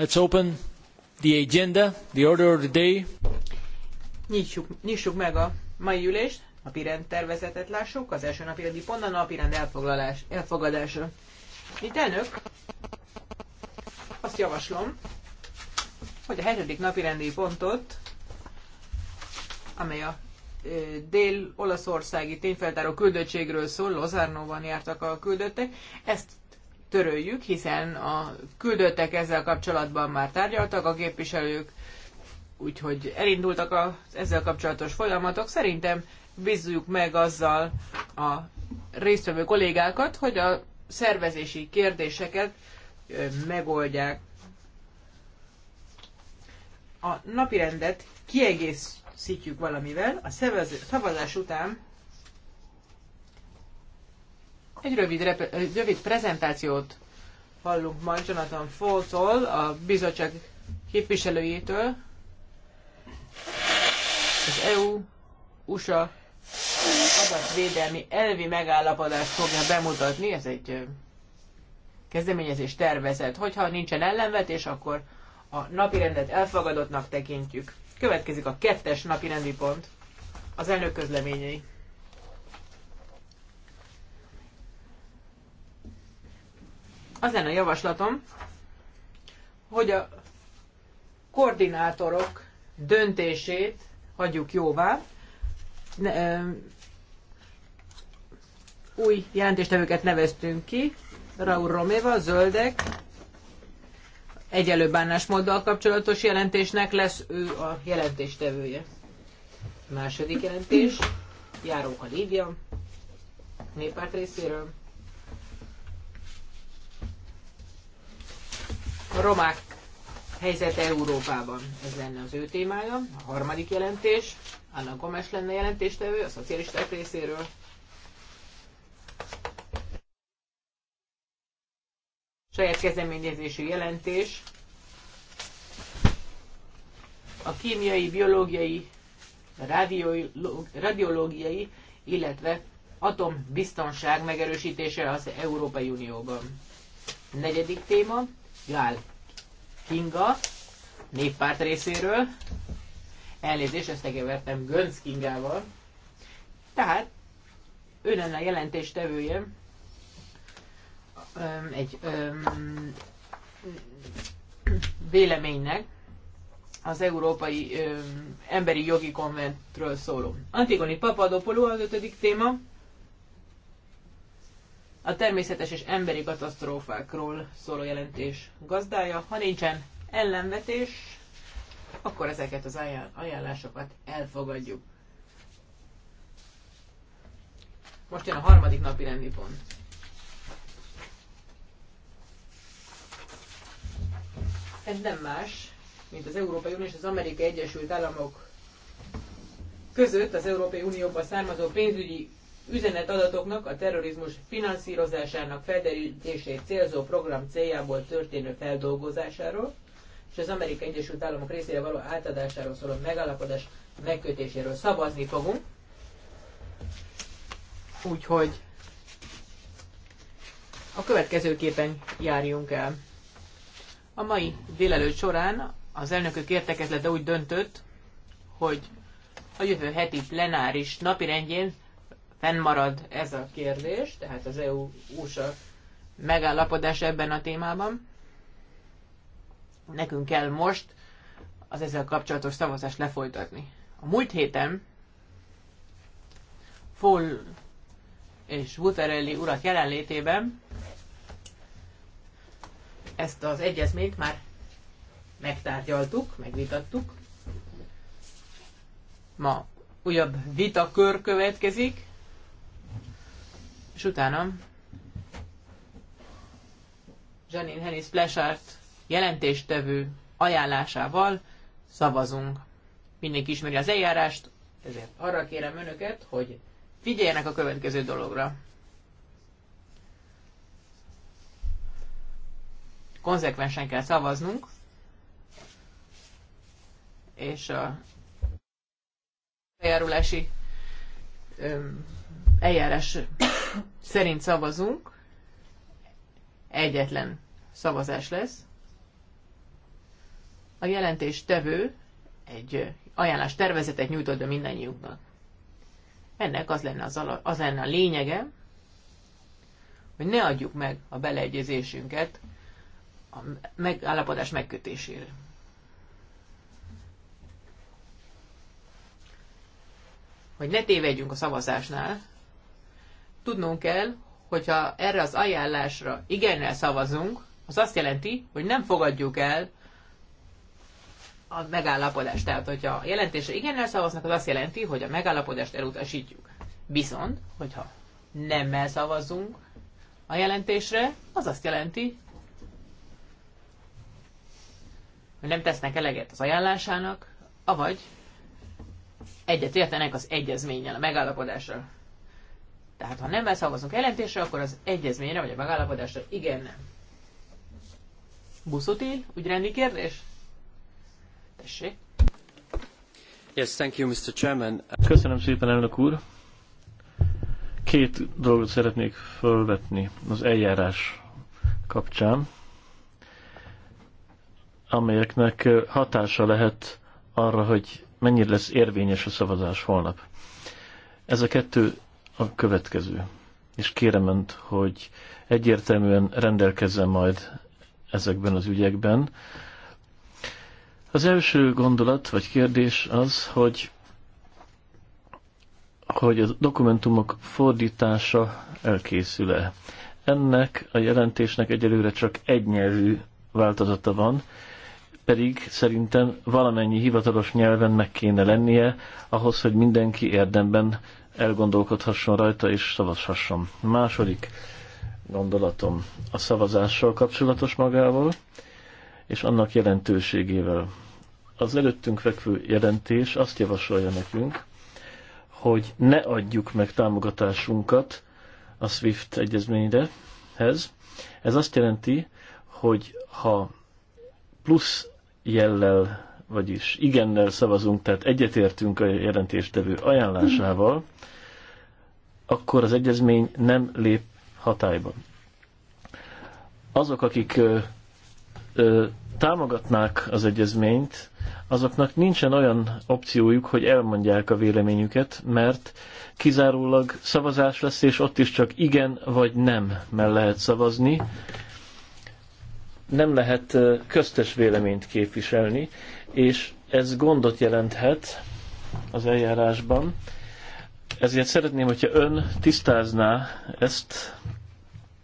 Let's open the agenda, the order of the day. Nyissuk, nyissuk meg a mai ülést, A napirend tervezetet lássuk, az első napirendi pont a napi rend elfogadása. Itt elnök, azt javaslom, hogy a hetedik napirendi pontot, amely a dél-olaszországi tényfeltáró küldöttségről szól, Lozárnóban jártak a küldöttek, ezt töröljük, hiszen a küldöttek ezzel kapcsolatban már tárgyaltak a képviselők, úgyhogy elindultak az ezzel kapcsolatos folyamatok. Szerintem bízzuk meg azzal a résztvevő kollégákat, hogy a szervezési kérdéseket megoldják. A napirendet kiegészítjük valamivel, a szavazás után egy rövid, rövid prezentációt hallunk majd Jonathan Foltól, a bizottság képviselőjétől, az EU-USA adatvédelmi elvi megállapodást fogja bemutatni, ez egy kezdeményezés tervezet. Hogyha nincsen ellenvetés, akkor a napirendet elfogadottnak tekintjük. Következik a kettes napirendi pont, az elnök közleményei. Az lenne a javaslatom, hogy a koordinátorok döntését hagyjuk jóvá, ne, ö, új jelentéstevőket neveztünk ki, Raúl Roméva, Zöldek, egyelő bánásmóddal kapcsolatos jelentésnek lesz ő a jelentéstevője. Második jelentés, a Lívia, néppárt részéről. A romák helyzet Európában. Ez lenne az ő témája. A harmadik jelentés, Anna Gomes lenne jelentéstevő a szocialisták részéről. Saját kezdeményezésű jelentés. A kémiai, biológiai, radiológiai, illetve atombiztonság megerősítése az Európai Unióban. negyedik téma, Gál Kinga néppárt részéről. Elnézést, ezt tegevertem Gönc Kingával. Tehát ő lenne a jelentéstevője egy véleménynek az Európai Emberi Jogi Konventről szóló. Antigoni Papadopoló az ötödik téma a természetes és emberi katasztrófákról szóló jelentés gazdája. Ha nincsen ellenvetés, akkor ezeket az ajánlásokat elfogadjuk. Most jön a harmadik napi rendi pont. Ez nem más, mint az Európai Unió és az Amerikai Egyesült Államok között az Európai Unióban származó pénzügyi üzenetadatoknak a terrorizmus finanszírozásának felderítését célzó program céljából történő feldolgozásáról és az Amerikai Egyesült Államok részére való átadásáról szóló megállapodás megkötéséről szavazni fogunk. Úgyhogy a következőképpen járjunk el. A mai délelőtt során az elnökök értekezlete úgy döntött, hogy a jövő heti plenáris napirendjén fennmarad ez a kérdés, tehát az EU-USA megállapodás ebben a témában. Nekünk kell most az ezzel kapcsolatos szavazást lefolytatni. A múlt héten Foll és Buterelli urak jelenlétében ezt az egyezményt már megtárgyaltuk, megvitattuk. Ma újabb vitakör következik és utána Janine Hennis Plesárt jelentéstevő ajánlásával szavazunk. Mindenki ismeri az eljárást, ezért arra kérem önöket, hogy figyeljenek a következő dologra. Konzekvensen kell szavaznunk, és a eljárulási eljárás szerint szavazunk. Egyetlen szavazás lesz. A jelentés tevő egy ajánlás tervezetet nyújtott be mindannyiunknak. Ennek az lenne, az, ala, az lenne a lényege, hogy ne adjuk meg a beleegyezésünket a megállapodás megkötésére. Hogy ne tévedjünk a szavazásnál, tudnunk kell, hogyha erre az ajánlásra igennel szavazunk, az azt jelenti, hogy nem fogadjuk el a megállapodást. Tehát, hogyha a jelentésre igennel szavaznak, az azt jelenti, hogy a megállapodást elutasítjuk. Viszont, hogyha nemmel szavazunk a jelentésre, az azt jelenti, hogy nem tesznek eleget az ajánlásának, avagy egyetértenek az egyezménnyel, a megállapodással. Tehát ha nem szavazunk jelentésre, akkor az egyezményre vagy a megállapodásra igen nem. Buszuti, ügyrendi kérdés? Tessék. Yes, thank you, Mr. Chairman. Köszönöm szépen, elnök úr. Két dolgot szeretnék felvetni az eljárás kapcsán, amelyeknek hatása lehet arra, hogy mennyire lesz érvényes a szavazás holnap. Ez a kettő a következő. És kérem önt, hogy egyértelműen rendelkezzen majd ezekben az ügyekben. Az első gondolat vagy kérdés az, hogy hogy a dokumentumok fordítása elkészül-e. Ennek a jelentésnek egyelőre csak egy nyelvű változata van, pedig szerintem valamennyi hivatalos nyelven meg kéne lennie ahhoz, hogy mindenki érdemben elgondolkodhasson rajta és szavazhasson. második gondolatom a szavazással kapcsolatos magával, és annak jelentőségével. Az előttünk fekvő jelentés azt javasolja nekünk, hogy ne adjuk meg támogatásunkat a SWIFT egyezményhez. Ez azt jelenti, hogy ha plusz jellel vagyis igennel szavazunk, tehát egyetértünk a jelentéstevő ajánlásával, akkor az egyezmény nem lép hatályba. Azok, akik ö, ö, támogatnák az egyezményt, azoknak nincsen olyan opciójuk, hogy elmondják a véleményüket, mert kizárólag szavazás lesz, és ott is csak igen vagy nem mell lehet szavazni. Nem lehet köztes véleményt képviselni, és ez gondot jelenthet az eljárásban. Ezért szeretném, hogyha ön tisztázná ezt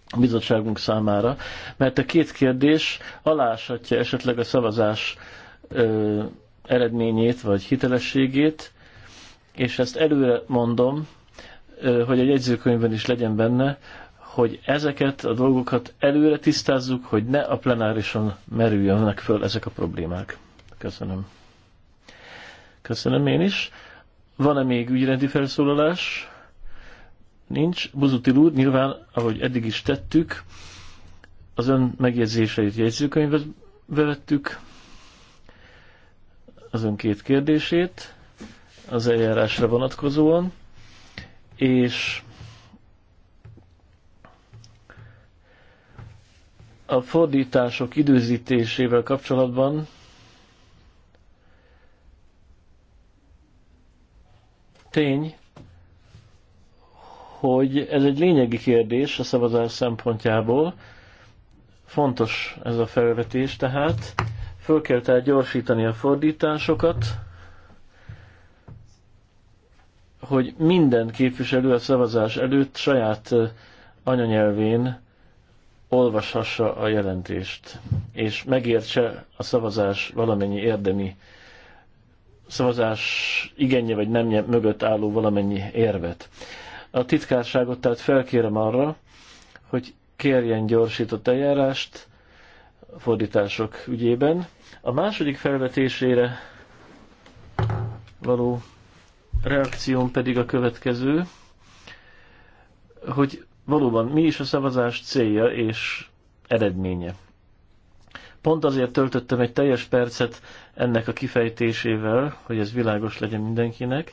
a bizottságunk számára, mert a két kérdés aláshatja esetleg a szavazás ö, eredményét vagy hitelességét, és ezt előre mondom, ö, hogy a jegyzőkönyvben is legyen benne, hogy ezeket a dolgokat előre tisztázzuk, hogy ne a plenárison merüljenek föl ezek a problémák. Köszönöm. Köszönöm én is. Van-e még ügyrendi felszólalás? Nincs. Buzutil úr, nyilván, ahogy eddig is tettük, az ön megjegyzéseit jegyzőkönyvet bevettük, az ön két kérdését az eljárásra vonatkozóan, és a fordítások időzítésével kapcsolatban tény, hogy ez egy lényegi kérdés a szavazás szempontjából. Fontos ez a felvetés, tehát föl kell tehát gyorsítani a fordításokat, hogy minden képviselő a szavazás előtt saját anyanyelvén olvashassa a jelentést, és megértse a szavazás valamennyi érdemi szavazás igenje vagy nemje mögött álló valamennyi érvet. A titkárságot tehát felkérem arra, hogy kérjen gyorsított eljárást a fordítások ügyében. A második felvetésére való reakcióm pedig a következő, hogy valóban mi is a szavazás célja és eredménye pont azért töltöttem egy teljes percet ennek a kifejtésével, hogy ez világos legyen mindenkinek,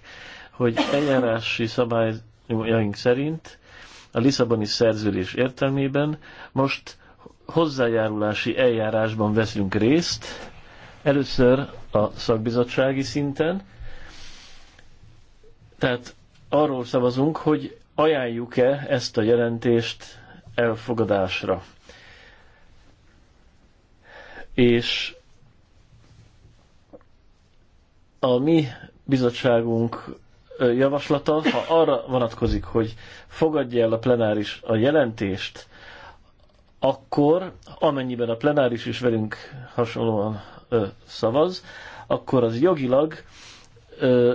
hogy eljárási szabályaink szerint a Lisszaboni szerződés értelmében most hozzájárulási eljárásban veszünk részt, először a szakbizottsági szinten, tehát arról szavazunk, hogy ajánljuk-e ezt a jelentést elfogadásra és a mi bizottságunk javaslata, ha arra vonatkozik, hogy fogadja el a plenáris a jelentést, akkor amennyiben a plenáris is velünk hasonlóan ö, szavaz, akkor az jogilag ö,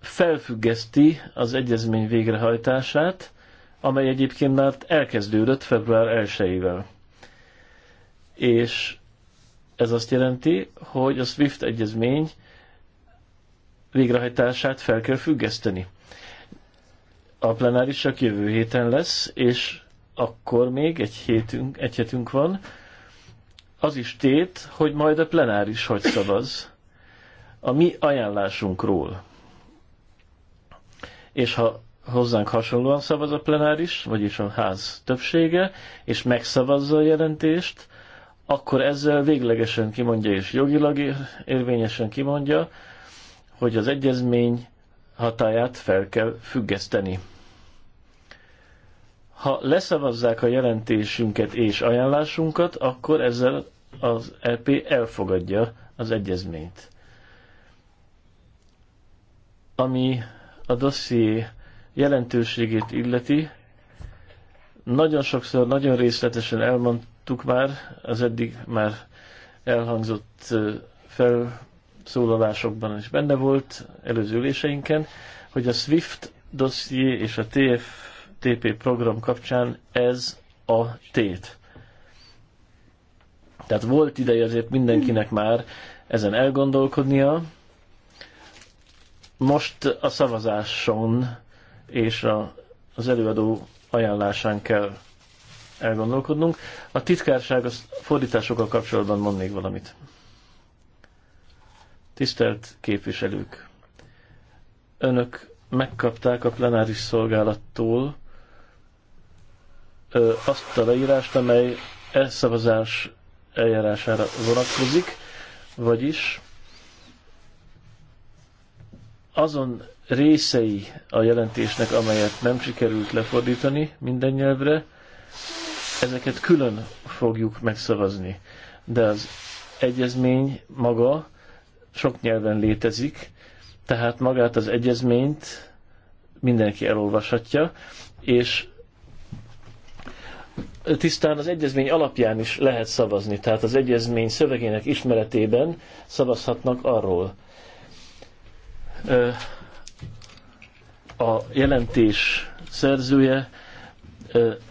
felfüggeszti az egyezmény végrehajtását, amely egyébként már elkezdődött február 1-ével. És ez azt jelenti, hogy a SWIFT egyezmény végrehajtását fel kell függeszteni. A plenáris csak jövő héten lesz, és akkor még egy, hétünk, egy hetünk van. Az is tét, hogy majd a plenáris hogy szavaz a mi ajánlásunkról. És ha hozzánk hasonlóan szavaz a plenáris, vagyis a ház többsége, és megszavazza a jelentést, akkor ezzel véglegesen kimondja és jogilag érvényesen kimondja, hogy az egyezmény hatáját fel kell függeszteni. Ha leszavazzák a jelentésünket és ajánlásunkat, akkor ezzel az EP elfogadja az egyezményt. Ami a dosszié jelentőségét illeti, nagyon sokszor, nagyon részletesen elmondta, hallottuk már az eddig már elhangzott felszólalásokban is benne volt előző üléseinken, hogy a SWIFT dosszié és a TFTP program kapcsán ez a tét. Tehát volt ideje azért mindenkinek már ezen elgondolkodnia. Most a szavazáson és a, az előadó ajánlásán kell elgondolkodnunk. A titkárság a fordításokkal kapcsolatban mond még valamit. Tisztelt képviselők! Önök megkapták a plenáris szolgálattól ö, azt a leírást, amely e szavazás eljárására vonatkozik, vagyis azon részei a jelentésnek, amelyet nem sikerült lefordítani minden nyelvre, ezeket külön fogjuk megszavazni. De az egyezmény maga sok nyelven létezik, tehát magát az egyezményt mindenki elolvashatja, és tisztán az egyezmény alapján is lehet szavazni, tehát az egyezmény szövegének ismeretében szavazhatnak arról. A jelentés szerzője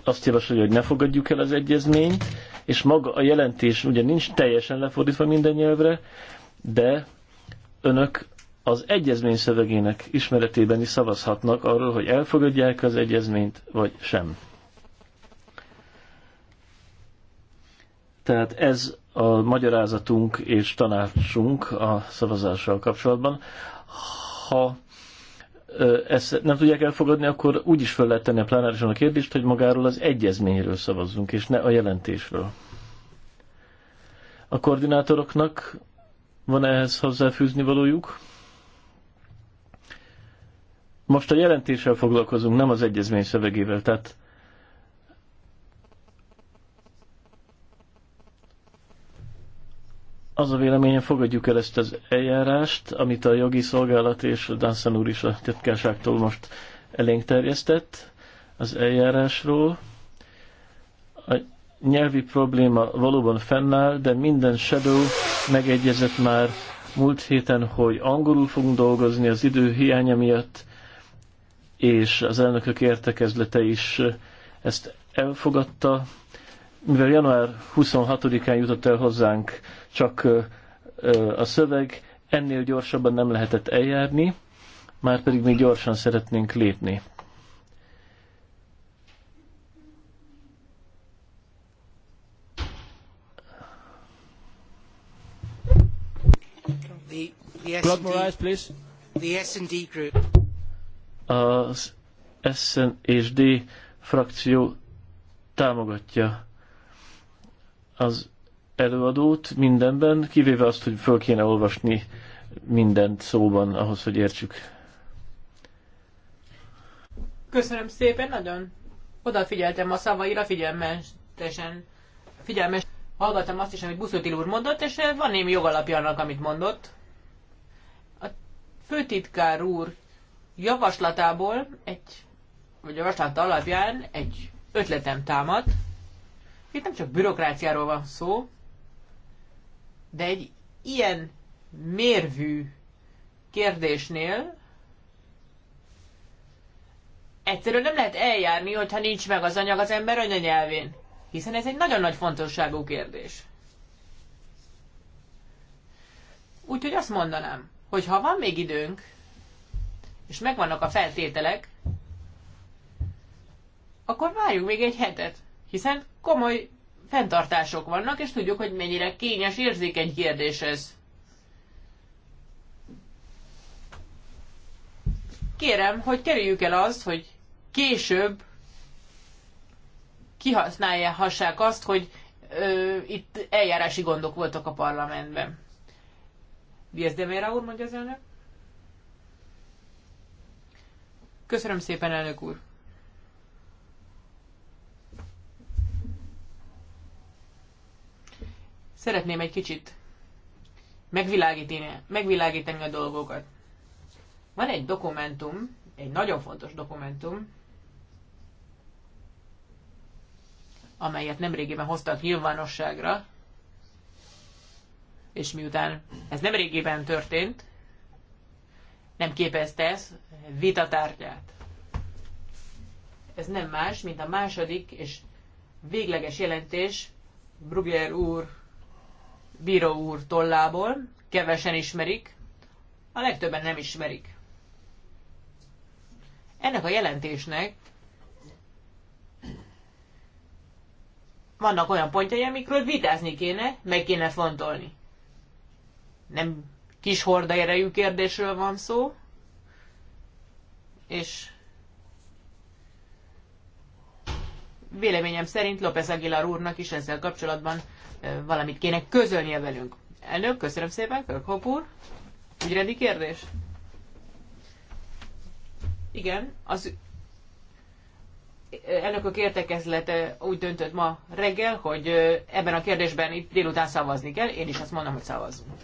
azt javasolja, hogy ne fogadjuk el az egyezményt, és maga a jelentés ugye nincs teljesen lefordítva minden nyelvre, de önök az egyezmény szövegének ismeretében is szavazhatnak arról, hogy elfogadják az egyezményt, vagy sem. Tehát ez a magyarázatunk és tanácsunk a szavazással kapcsolatban. Ha ezt nem tudják elfogadni, akkor úgy is fel lehet tenni a plenárison a kérdést, hogy magáról az egyezményről szavazzunk, és ne a jelentésről. A koordinátoroknak van ehhez hozzáfűzni valójuk? Most a jelentéssel foglalkozunk, nem az egyezmény szövegével, tehát az a véleményem, fogadjuk el ezt az eljárást, amit a jogi szolgálat és Dánszan úr is a titkárságtól most elénk terjesztett az eljárásról. A nyelvi probléma valóban fennáll, de minden shadow megegyezett már múlt héten, hogy angolul fogunk dolgozni az idő hiánya miatt, és az elnökök értekezlete is ezt elfogadta. Mivel január 26-án jutott el hozzánk csak a szöveg, ennél gyorsabban nem lehetett eljárni, már pedig mi gyorsan szeretnénk lépni. please. The S&D group. Az S és D frakció támogatja az előadót mindenben, kivéve azt, hogy föl kéne olvasni mindent szóban ahhoz, hogy értsük. Köszönöm szépen, nagyon odafigyeltem a szavaira, figyelmesen, figyelmes hallgattam azt is, amit Buszutil úr mondott, és van némi jogalapja annak, amit mondott. A főtitkár úr javaslatából egy, vagy javaslata alapján egy ötletem támad. Itt nem csak bürokráciáról van szó, de egy ilyen mérvű kérdésnél egyszerűen nem lehet eljárni, hogyha nincs meg az anyag az ember anyanyelvén. Hiszen ez egy nagyon nagy fontosságú kérdés. Úgyhogy azt mondanám, hogy ha van még időnk, és megvannak a feltételek, akkor várjuk még egy hetet, hiszen komoly fenntartások vannak, és tudjuk, hogy mennyire kényes, érzékeny kérdés ez. Kérem, hogy kerüljük el azt, hogy később kihasználják azt, hogy ö, itt eljárási gondok voltak a parlamentben. Viesz úr, mondja az elnök. Köszönöm szépen, elnök úr. Szeretném egy kicsit megvilágítani, megvilágítani a dolgokat. Van egy dokumentum, egy nagyon fontos dokumentum, amelyet nemrégiben hoztak nyilvánosságra, és miután ez nemrégiben történt, nem képezte ez vitatárgyát. Ez nem más, mint a második és végleges jelentés Brugger úr bíró úr tollából, kevesen ismerik, a legtöbben nem ismerik. Ennek a jelentésnek vannak olyan pontjai, amikről vitázni kéne, meg kéne fontolni. Nem kis erejű kérdésről van szó, és véleményem szerint López Aguilar úrnak is ezzel kapcsolatban valamit kéne közölnie velünk. Elnök, köszönöm szépen, Kölkhop úr. Ügyrendi kérdés? Igen, az a értekezlete úgy döntött ma reggel, hogy ebben a kérdésben itt délután szavazni kell. Én is azt mondom, hogy szavazzunk.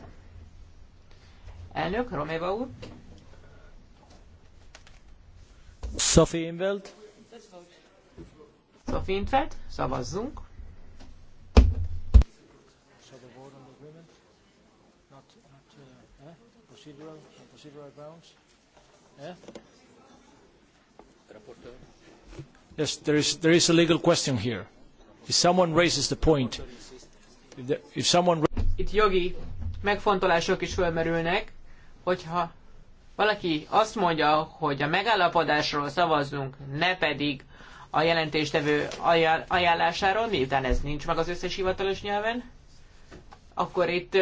Elnök, Roméva úr. Sophie Inveld. Sophie Inveld, szavazzunk. procedural, on procedural grounds? Yeah? Yes, there is, there is a legal question here. If someone raises the point, if, the, if someone... Itt jogi megfontolások is felmerülnek, hogyha valaki azt mondja, hogy a megállapodásról szavazzunk, ne pedig a jelentéstevő ajánlásáról, miután ez nincs meg az összes hivatalos nyelven, akkor itt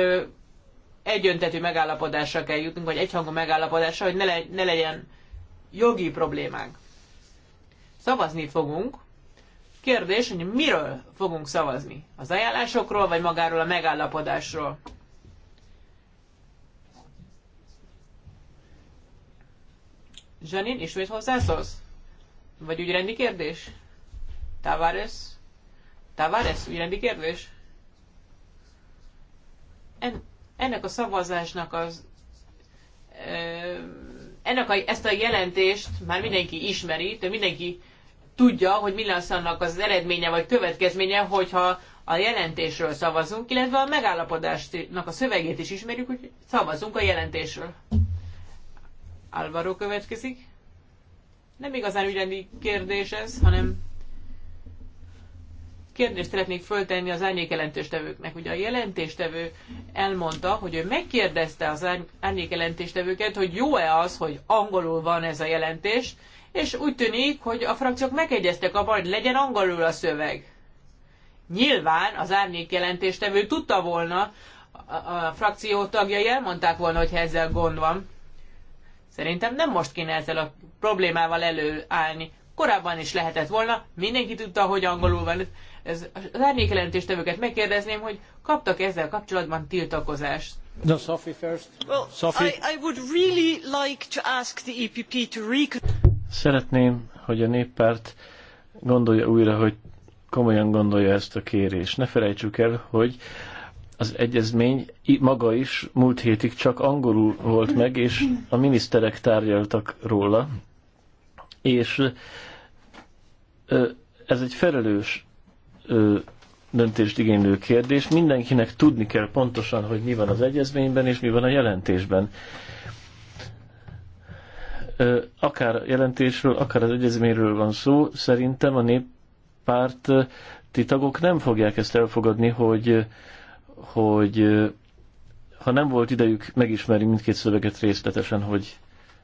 egyöntetű megállapodásra kell jutnunk, vagy egyhangú megállapodásra, hogy ne, le, ne legyen jogi problémánk. Szavazni fogunk. Kérdés, hogy miről fogunk szavazni? Az ajánlásokról, vagy magáról a megállapodásról? Zsanin, ismét hozzászólsz? Vagy ügyrendi kérdés? Tavares? Tavares, ügyrendi kérdés? En, ennek a szavazásnak az ennek a, ezt a jelentést már mindenki ismeri, de mindenki tudja, hogy mi lesz annak az eredménye vagy következménye, hogyha a jelentésről szavazunk, illetve a megállapodásnak a szövegét is ismerjük, hogy szavazunk a jelentésről. Álvaro következik. Nem igazán ügyeni kérdés ez, hanem kérdést szeretnék föltenni az árnyék jelentéstevőknek. Ugye a jelentéstevő elmondta, hogy ő megkérdezte az árnyék jelentéstevőket, hogy jó-e az, hogy angolul van ez a jelentés, és úgy tűnik, hogy a frakciók megegyeztek abban, hogy legyen angolul a szöveg. Nyilván az árnyék jelentéstevő tudta volna, a frakció tagjai elmondták volna, hogy ezzel gond van. Szerintem nem most kéne ezzel a problémával előállni. Korábban is lehetett volna, mindenki tudta, hogy angolul van ez, az tevőket megkérdezném, hogy kaptak -e ezzel kapcsolatban tiltakozást. No, Sophie first. Well, Sophie. I, I would really like to ask the EPP to recon... Szeretném, hogy a néppárt gondolja újra, hogy komolyan gondolja ezt a kérést. Ne felejtsük el, hogy az egyezmény maga is múlt hétig csak angolul volt meg, és a miniszterek tárgyaltak róla. És ez egy felelős ö, döntést igénylő kérdés. Mindenkinek tudni kell pontosan, hogy mi van az egyezményben és mi van a jelentésben. Ö, akár jelentésről, akár az egyezményről van szó, szerintem a néppárt titagok nem fogják ezt elfogadni, hogy, hogy ha nem volt idejük megismerni mindkét szöveget részletesen, hogy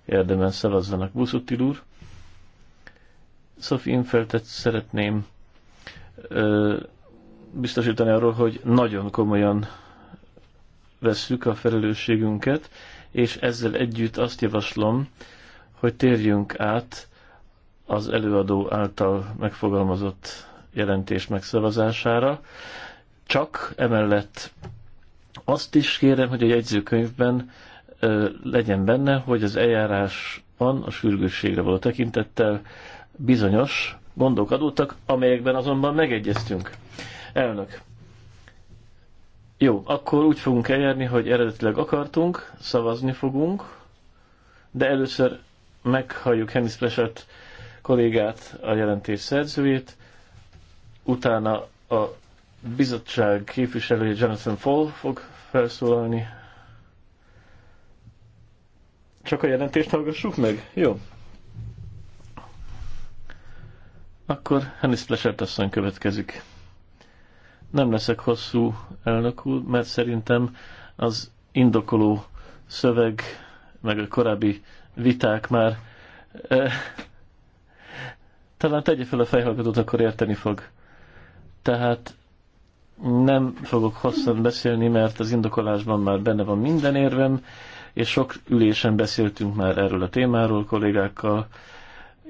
érdemben szavazzanak. Buszuttil úr, Sophie Infeltet szeretném biztosítani arról, hogy nagyon komolyan vesszük a felelősségünket, és ezzel együtt azt javaslom, hogy térjünk át az előadó által megfogalmazott jelentés megszavazására. Csak emellett azt is kérem, hogy a jegyzőkönyvben ö, legyen benne, hogy az eljárásban a sürgősségre való tekintettel bizonyos gondok adódtak, amelyekben azonban megegyeztünk. Elnök. Jó, akkor úgy fogunk eljárni, hogy eredetileg akartunk, szavazni fogunk, de először meghalljuk Hennis Plesert kollégát, a jelentés szerzőjét, utána a bizottság képviselője Jonathan Fall fog felszólalni. Csak a jelentést hallgassuk meg? Jó. Akkor Hennis Flesert asszony következik. Nem leszek hosszú elnök úr, mert szerintem az indokoló szöveg, meg a korábbi viták már eh, talán tegye fel a fejhallgatót, akkor érteni fog. Tehát nem fogok hosszan beszélni, mert az indokolásban már benne van minden érvem, és sok ülésen beszéltünk már erről a témáról kollégákkal,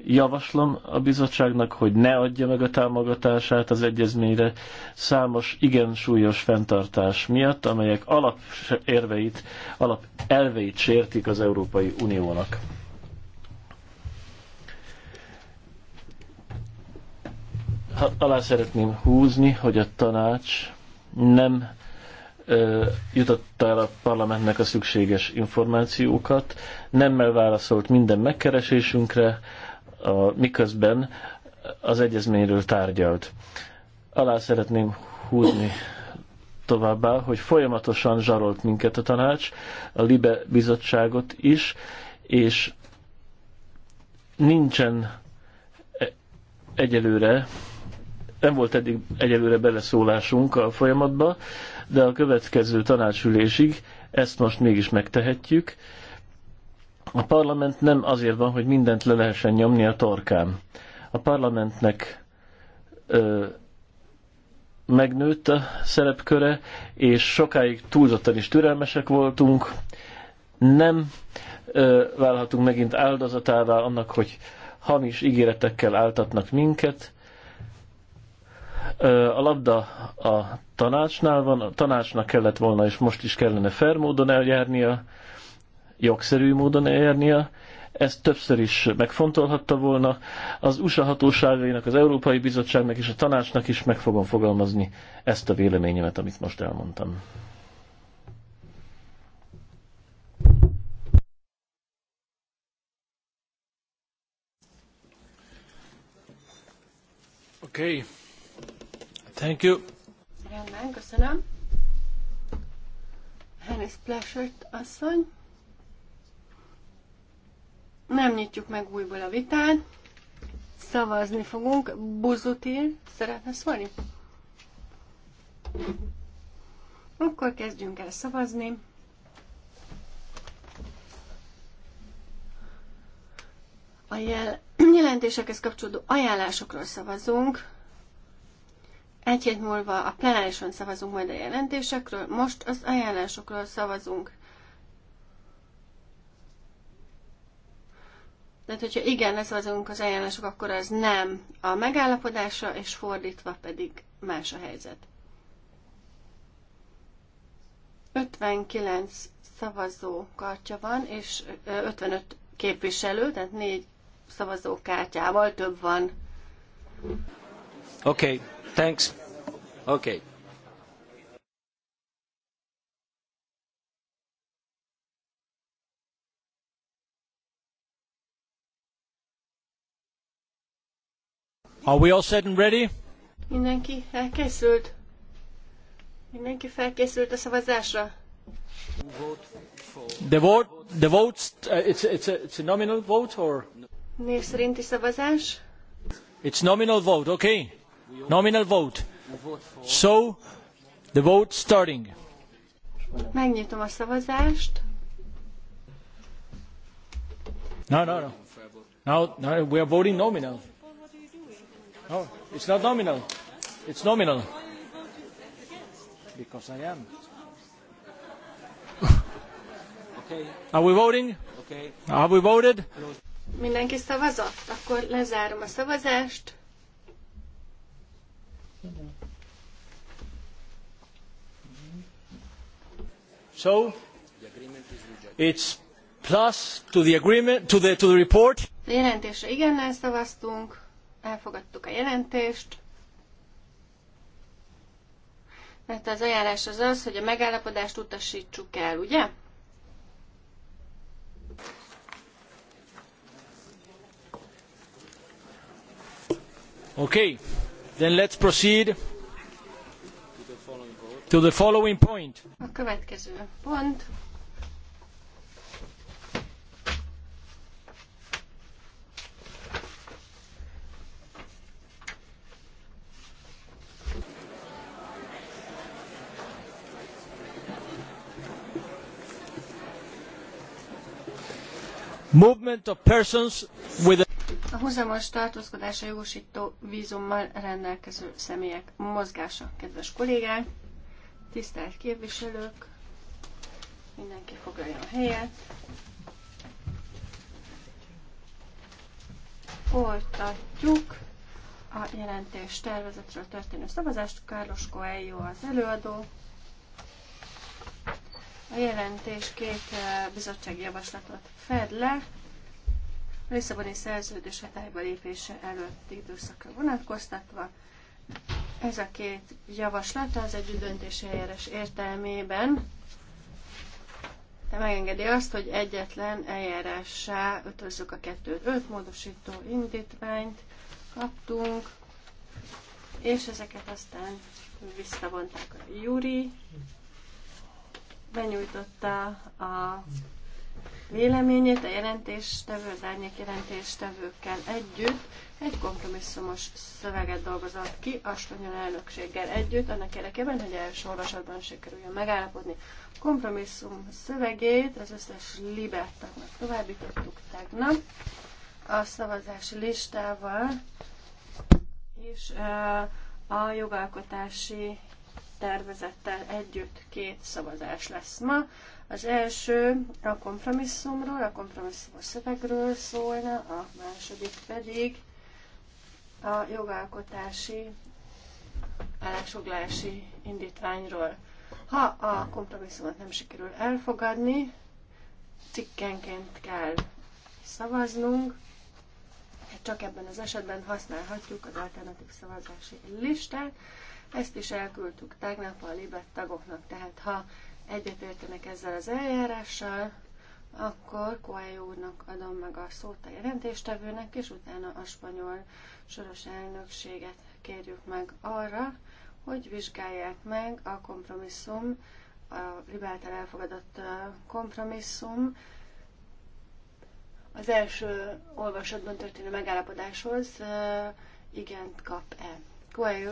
javaslom a bizottságnak, hogy ne adja meg a támogatását az egyezményre számos igen súlyos fenntartás miatt, amelyek alapérveit, alapelveit sértik az Európai Uniónak. Alá szeretném húzni, hogy a tanács nem jutotta el a parlamentnek a szükséges információkat, nem válaszolt minden megkeresésünkre, a, miközben az egyezményről tárgyalt. Alá szeretném húzni továbbá, hogy folyamatosan zsarolt minket a tanács, a Libe bizottságot is, és nincsen e- egyelőre, nem volt eddig egyelőre beleszólásunk a folyamatba, de a következő tanácsülésig ezt most mégis megtehetjük, a parlament nem azért van, hogy mindent le lehessen nyomni a torkán. A parlamentnek ö, megnőtt a szerepköre, és sokáig túlzottan is türelmesek voltunk. Nem ö, válhatunk megint áldozatává annak, hogy hamis ígéretekkel áltatnak minket. Ö, a labda a tanácsnál van, a tanácsnak kellett volna, és most is kellene fermódon eljárnia, jogszerű módon eljárnia, ezt többször is megfontolhatta volna. Az USA hatóságainak, az Európai Bizottságnak és a tanácsnak is meg fogom fogalmazni ezt a véleményemet, amit most elmondtam. Okay. Thank you. Rendben, köszönöm. Hennis Plashert asszony. Nem nyitjuk meg újból a vitát. Szavazni fogunk. Buzutil, szeretne szólni? Akkor kezdjünk el szavazni. A jel jelentésekhez kapcsolódó ajánlásokról szavazunk. Egy hét múlva a plenárison szavazunk majd a jelentésekről, most az ajánlásokról szavazunk. Tehát, hogyha igen, leszavazunk az ajánlások, akkor az nem a megállapodásra, és fordítva pedig más a helyzet. 59 szavazókartya van, és 55 képviselő, tehát négy szavazókártyával több van. Oké, okay, thanks. Oké. Okay. Are we all set and ready? Mindenki elkészült? Mindenki felkészült a szavazásra? The vote, the votes, uh, it's, it's, a, it's a nominal vote or? Név szerinti szavazás? It's nominal vote, okay. Nominal vote. So, the vote starting. Megnyitom a szavazást. No, no, no. Now, now we are voting nominal. No, it's not nominal. It's nominal. Because I am. okay. Are we voting? Okay. Are we voted? Mindenki szavazott? Akkor lezárom a szavazást. So, it's plus to the agreement, to the, to the report. A jelentésre igennel szavaztunk elfogadtuk a jelentést, mert az ajánlás az az, hogy a megállapodást utasítsuk el, ugye? Okay, then let's proceed to the following point. A következő pont. movement of persons with a huzamos tartózkodásra jogosító vízummal rendelkező személyek mozgása. Kedves kollégák, tisztelt képviselők, mindenki foglalja a helyet. Folytatjuk a jelentés tervezetről történő szavazást. Carlos Coelho az előadó. A jelentés két eh, bizottsági javaslatot fed le, a Lisszaboni szerződés hatályba lépése előtti időszakra vonatkoztatva. Ez a két javaslat az egy döntési eljárás értelmében de megengedi azt, hogy egyetlen eljárássá ötözzük a kettőt. Öt módosító indítványt kaptunk, és ezeket aztán visszavonták a Juri benyújtotta a véleményét a jelentéstevő, az árnyék jelentéstevőkkel együtt egy kompromisszumos szöveget dolgozott ki a spanyol elnökséggel együtt, annak érdekében, hogy első olvasatban sikerüljön megállapodni. Kompromisszum szövegét az összes libertaknak továbbítottuk tegnap a szavazási listával, és a jogalkotási tervezettel együtt két szavazás lesz ma. Az első a kompromisszumról, a kompromisszumos szövegről szólna, a második pedig a jogalkotási állásfoglalási indítványról. Ha a kompromisszumot nem sikerül elfogadni, cikkenként kell szavaznunk, csak ebben az esetben használhatjuk az alternatív szavazási listát, ezt is elküldtük tegnap a libet tagoknak, tehát ha egyetértenek ezzel az eljárással, akkor Coelho úrnak adom meg a szót a jelentéstevőnek, és utána a spanyol soros elnökséget kérjük meg arra, hogy vizsgálják meg a kompromisszum, a libáltal elfogadott kompromisszum, az első olvasatban történő megállapodáshoz igent kap-e. E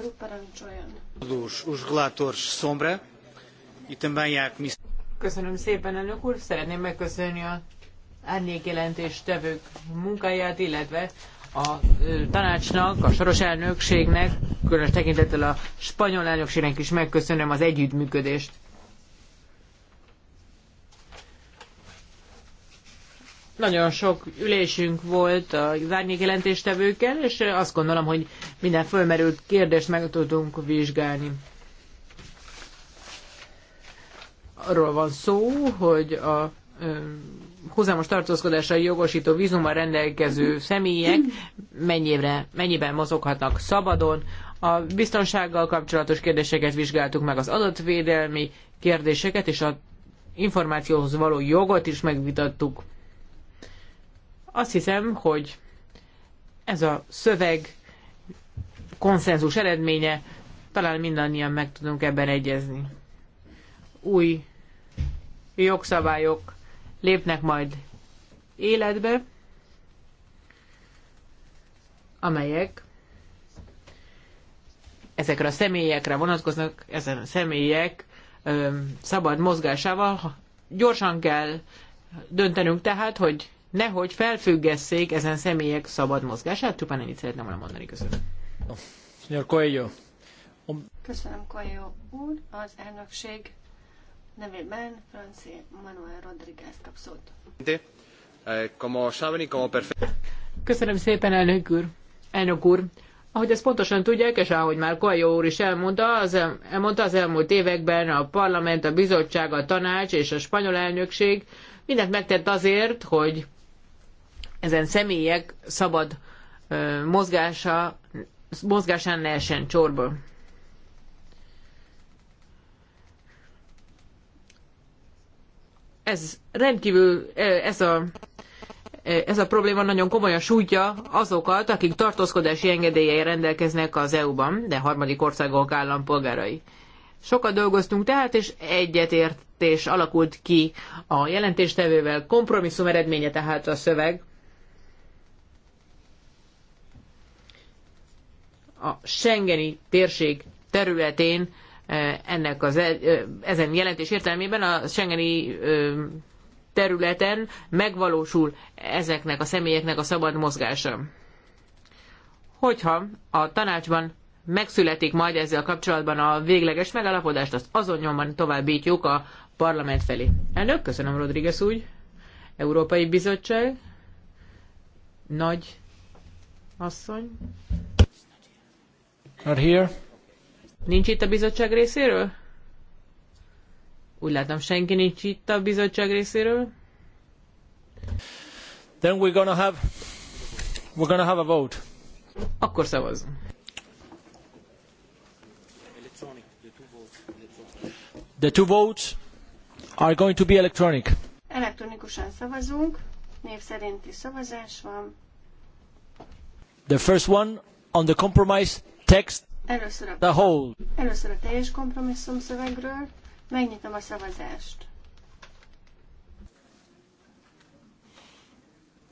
Köszönöm szépen, elnök úr. Szeretném megköszönni a jelentéstevők munkáját, illetve a tanácsnak, a soros elnökségnek, különös tekintettel a spanyol elnökségnek is megköszönöm az együttműködést. Nagyon sok ülésünk volt a zárnyék jelentéstevőkkel, és azt gondolom, hogy minden fölmerült kérdést meg tudunk vizsgálni. Arról van szó, hogy a hozzámos tartózkodásra jogosító vízuma rendelkező személyek mennyire, mennyiben mozoghatnak szabadon. A biztonsággal kapcsolatos kérdéseket vizsgáltuk meg, az adatvédelmi kérdéseket és a információhoz való jogot is megvitattuk. Azt hiszem, hogy ez a szöveg konszenzus eredménye, talán mindannyian meg tudunk ebben egyezni. Új jogszabályok lépnek majd életbe, amelyek ezekre a személyekre vonatkoznak, ezen a személyek ö, szabad mozgásával. Gyorsan kell döntenünk tehát, hogy nehogy felfüggesszék ezen személyek szabad mozgását. Csupán ennyit szeretném volna mondani. Köszönöm. Señor Coelho. Köszönöm, Coelho úr. Az elnökség nevében Franci Manuel Rodríguez kap szót. Köszönöm szépen, elnök úr. Elnök úr, ahogy ezt pontosan tudják, és ahogy már Kajó úr is elmondta, az, elmondta az elmúlt években a parlament, a bizottság, a tanács és a spanyol elnökség mindent megtett azért, hogy ezen személyek szabad mozgása, mozgásán ne essen csorba. Ez rendkívül, ez a, ez a probléma nagyon komolyan sújtja azokat, akik tartózkodási engedélyei rendelkeznek az EU-ban, de harmadik országok állampolgárai. Sokat dolgoztunk tehát, és egyetértés alakult ki a jelentéstevővel. Kompromisszum eredménye tehát a szöveg a Schengeni térség területén eh, ennek az, e- eh, ezen jelentés értelmében a Schengeni területen megvalósul ezeknek a személyeknek a szabad mozgása. Hogyha a tanácsban megszületik majd ezzel kapcsolatban a végleges megállapodást, azt azon nyomban továbbítjuk a parlament felé. Elnök, köszönöm Rodriguez úgy. Európai Bizottság. Nagy asszony. Not here. Nincs itt a bizottság részéről? Úgy látom, senki nincs itt a bizottság részéről. Then we're gonna have, we're gonna have a vote. Akkor szavaz. The two votes are going to be electronic. Elektronikusan szavazunk, név szerinti szavazás van. The first one on the compromise text először a, the whole. Először a teljes kompromisszum szövegről. Megnyitom a szavazást.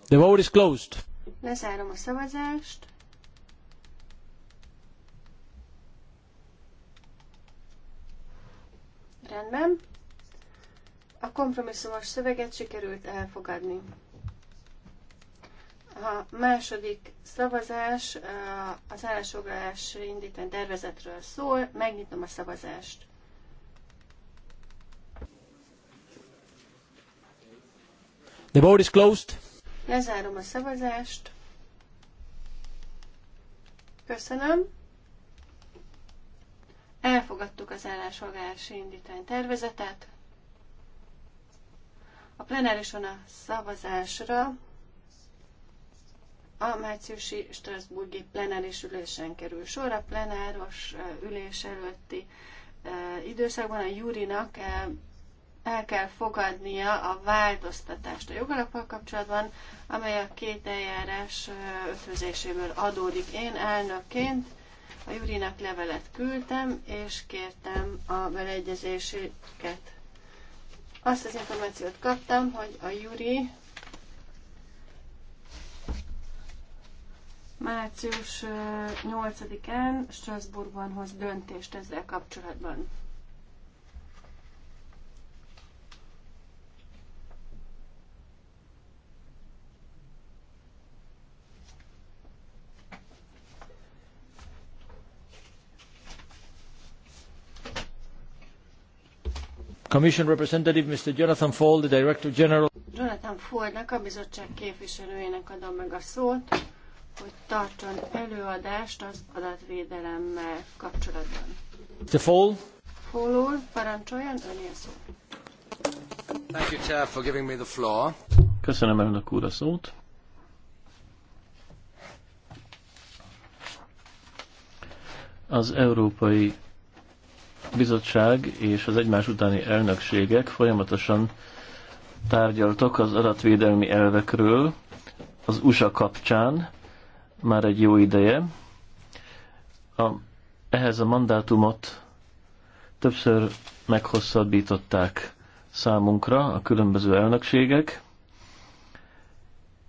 The vote is closed. Lezárom a szavazást. Rendben. A kompromisszumos szöveget sikerült elfogadni. A második szavazás az állásfoglalás indítani tervezetről szól. Megnyitom a szavazást. The vote is closed. Lezárom a szavazást. Köszönöm. Elfogadtuk az állásfoglalási indítvány tervezetet. A plenárison a szavazásra a márciusi Strasburgi plenáris ülésen kerül sor. A plenáros eh, ülés előtti eh, időszakban a Júrinak eh, el kell fogadnia a változtatást a jogalappal kapcsolatban, amely a két eljárás ötvözéséből adódik. Én elnökként a júrinak levelet küldtem, és kértem a beleegyezésüket. Azt az információt kaptam, hogy a júri Március 8-án Strasbourgban hoz döntést ezzel kapcsolatban. Commission representative Mr. Jonathan Fall, the Director General. Jonathan Fallnak, a bizottság képviselőjének adom meg a szót hogy tartson előadást az adatvédelemmel kapcsolatban. The fall. Fallul, parancsoljon, önél szó. Thank you, Chair, for giving me the floor. Köszönöm önök úr a szót. Az Európai Bizottság és az egymás utáni elnökségek folyamatosan tárgyaltak az adatvédelmi elvekről az USA kapcsán, már egy jó ideje. A, ehhez a mandátumot többször meghosszabbították számunkra a különböző elnökségek,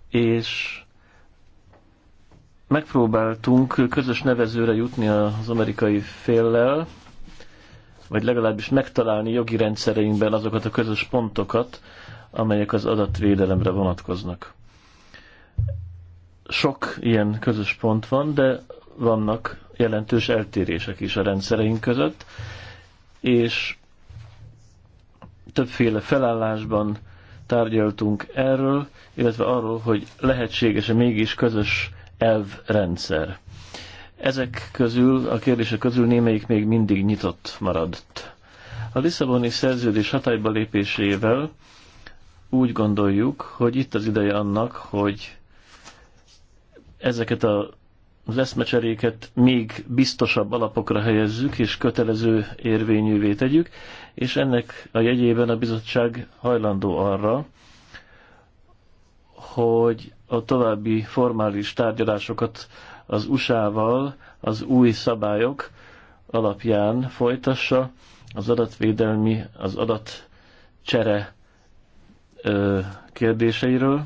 és megpróbáltunk közös nevezőre jutni az amerikai féllel, vagy legalábbis megtalálni jogi rendszereinkben azokat a közös pontokat, amelyek az adatvédelemre vonatkoznak. Sok ilyen közös pont van, de vannak jelentős eltérések is a rendszereink között, és többféle felállásban tárgyaltunk erről, illetve arról, hogy lehetséges-e mégis közös elvrendszer. Ezek közül, a kérdések közül némelyik még mindig nyitott maradt. A Lisszaboni szerződés hatályba lépésével úgy gondoljuk, hogy itt az ideje annak, hogy ezeket a az eszmecseréket még biztosabb alapokra helyezzük és kötelező érvényűvé tegyük, és ennek a jegyében a bizottság hajlandó arra, hogy a további formális tárgyalásokat az USA-val az új szabályok alapján folytassa az adatvédelmi, az adatcsere kérdéseiről,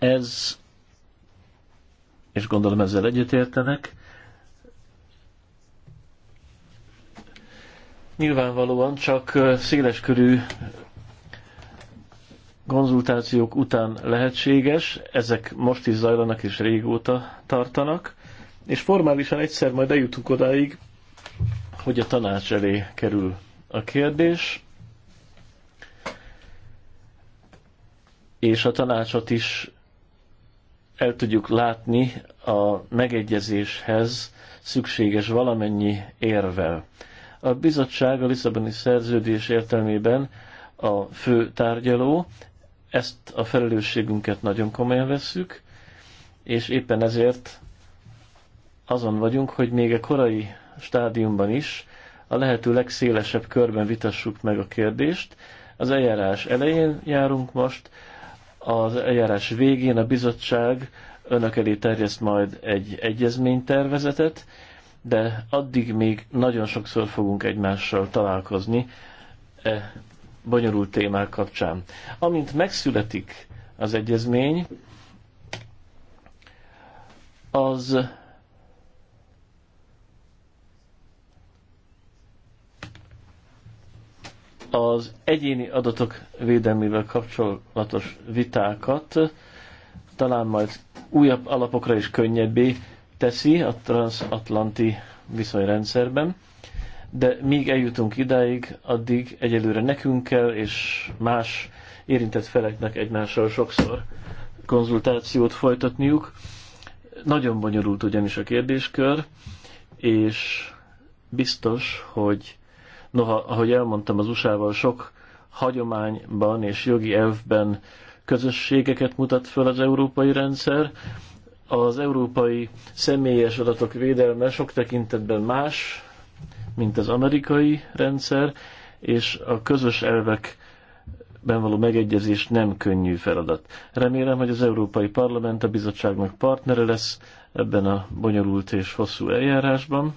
Ez, és gondolom ezzel egyetértenek, nyilvánvalóan csak széleskörű konzultációk után lehetséges, ezek most is zajlanak és régóta tartanak, és formálisan egyszer majd eljutunk odáig, hogy a tanács elé kerül a kérdés, és a tanácsot is el tudjuk látni a megegyezéshez szükséges valamennyi érvel. A bizottság a Lisszaboni szerződés értelmében a fő tárgyaló, ezt a felelősségünket nagyon komolyan vesszük, és éppen ezért azon vagyunk, hogy még a korai stádiumban is a lehető legszélesebb körben vitassuk meg a kérdést. Az eljárás elején járunk most, az eljárás végén a bizottság önök elé terjeszt majd egy egyezménytervezetet, de addig még nagyon sokszor fogunk egymással találkozni e bonyolult témák kapcsán. Amint megszületik az egyezmény, az az egyéni adatok védelmével kapcsolatos vitákat talán majd újabb alapokra is könnyebbé teszi a transatlanti viszonyrendszerben, de míg eljutunk idáig, addig egyelőre nekünk kell, és más érintett feleknek egymással sokszor konzultációt folytatniuk. Nagyon bonyolult ugyanis a kérdéskör, és biztos, hogy Noha, ahogy elmondtam, az USA-val sok hagyományban és jogi elvben közösségeket mutat föl az európai rendszer. Az európai személyes adatok védelme sok tekintetben más, mint az amerikai rendszer, és a közös elvek ben való megegyezés nem könnyű feladat. Remélem, hogy az Európai Parlament a bizottságnak partnere lesz ebben a bonyolult és hosszú eljárásban.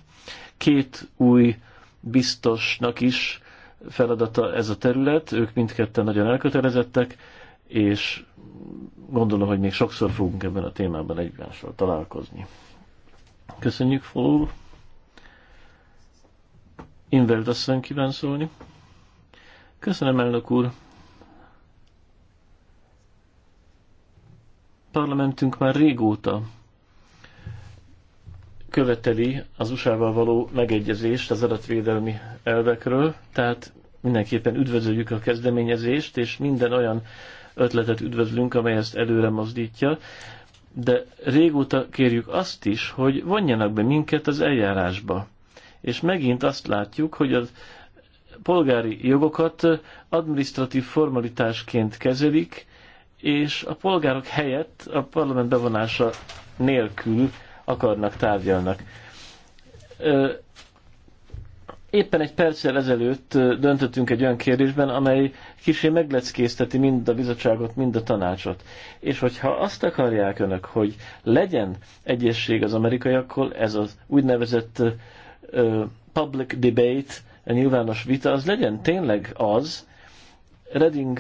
Két új biztosnak is feladata ez a terület, ők mindketten nagyon elkötelezettek, és gondolom, hogy még sokszor fogunk ebben a témában egymással találkozni. Köszönjük, Fól! Inveld asszony kíván szólni. Köszönöm, elnök úr! Parlamentünk már régóta követeli az USA-val való megegyezést az adatvédelmi elvekről, tehát mindenképpen üdvözöljük a kezdeményezést, és minden olyan ötletet üdvözlünk, amely ezt előre mozdítja, de régóta kérjük azt is, hogy vonjanak be minket az eljárásba. És megint azt látjuk, hogy az polgári jogokat administratív formalitásként kezelik, és a polgárok helyett a parlament bevonása nélkül akarnak, tárgyalnak. Éppen egy perccel ezelőtt döntöttünk egy olyan kérdésben, amely kicsi megleckészteti mind a bizottságot, mind a tanácsot. És hogyha azt akarják önök, hogy legyen egyesség az amerikaiakkal, ez az úgynevezett public debate, a nyilvános vita, az legyen tényleg az. Reding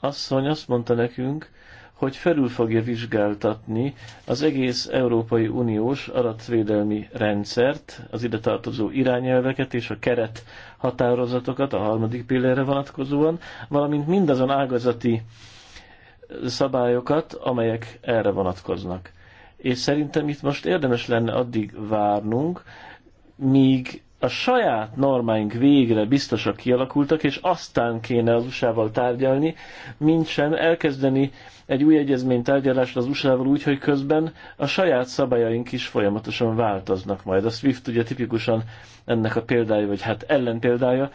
asszony azt mondta nekünk, hogy felül fogja vizsgáltatni az egész Európai Uniós adatvédelmi rendszert, az ide tartozó irányelveket és a keret határozatokat a harmadik pillére vonatkozóan, valamint mindazon ágazati szabályokat, amelyek erre vonatkoznak. És szerintem itt most érdemes lenne addig várnunk, míg a saját normáink végre biztosak kialakultak, és aztán kéne az USA-val tárgyalni, mint sem elkezdeni egy új egyezmény tárgyalásra az USA-val úgy, hogy közben a saját szabályaink is folyamatosan változnak majd. A SWIFT ugye tipikusan ennek a példája, vagy hát ellenpéldája.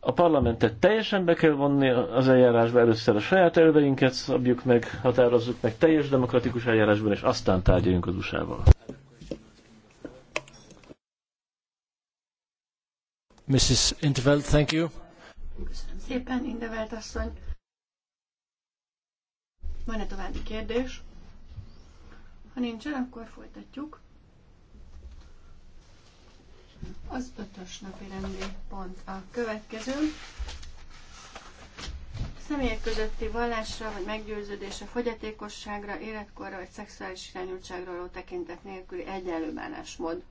A parlamentet teljesen be kell vonni az eljárásba, először a saját elveinket szabjuk meg, határozzuk meg teljes demokratikus eljárásban, és aztán tárgyaljunk az USA-val. Mrs. Intervelt, thank you. szépen, Intervelt asszony. Van-e további kérdés? Ha nincsen, akkor folytatjuk. Az ötös napi rendi pont a következő. Személyek közötti vallásra vagy meggyőződésre, fogyatékosságra, életkorra vagy szexuális irányultságra való tekintet nélküli egyenlő bánásmód.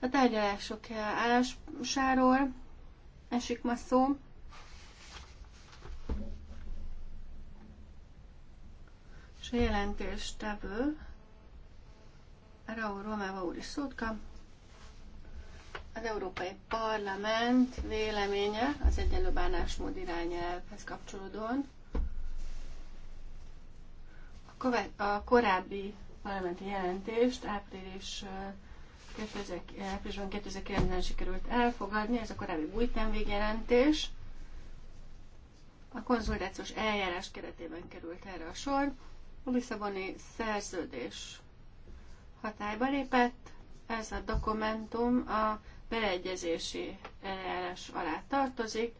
A tárgyalások állásáról esik ma szó. és a jelentéstevő Raúl Romeva úr is szót kap. Az Európai Parlament véleménye az egyenlő bánásmód irányelvhez kapcsolódóan a korábbi parlamenti jelentést április 2009-ben sikerült elfogadni, ez a korábbi bújtán végjelentés. A konzultációs eljárás keretében került erre a sor. A Lisszaboni szerződés hatályba lépett, ez a dokumentum a beleegyezési eljárás alá tartozik,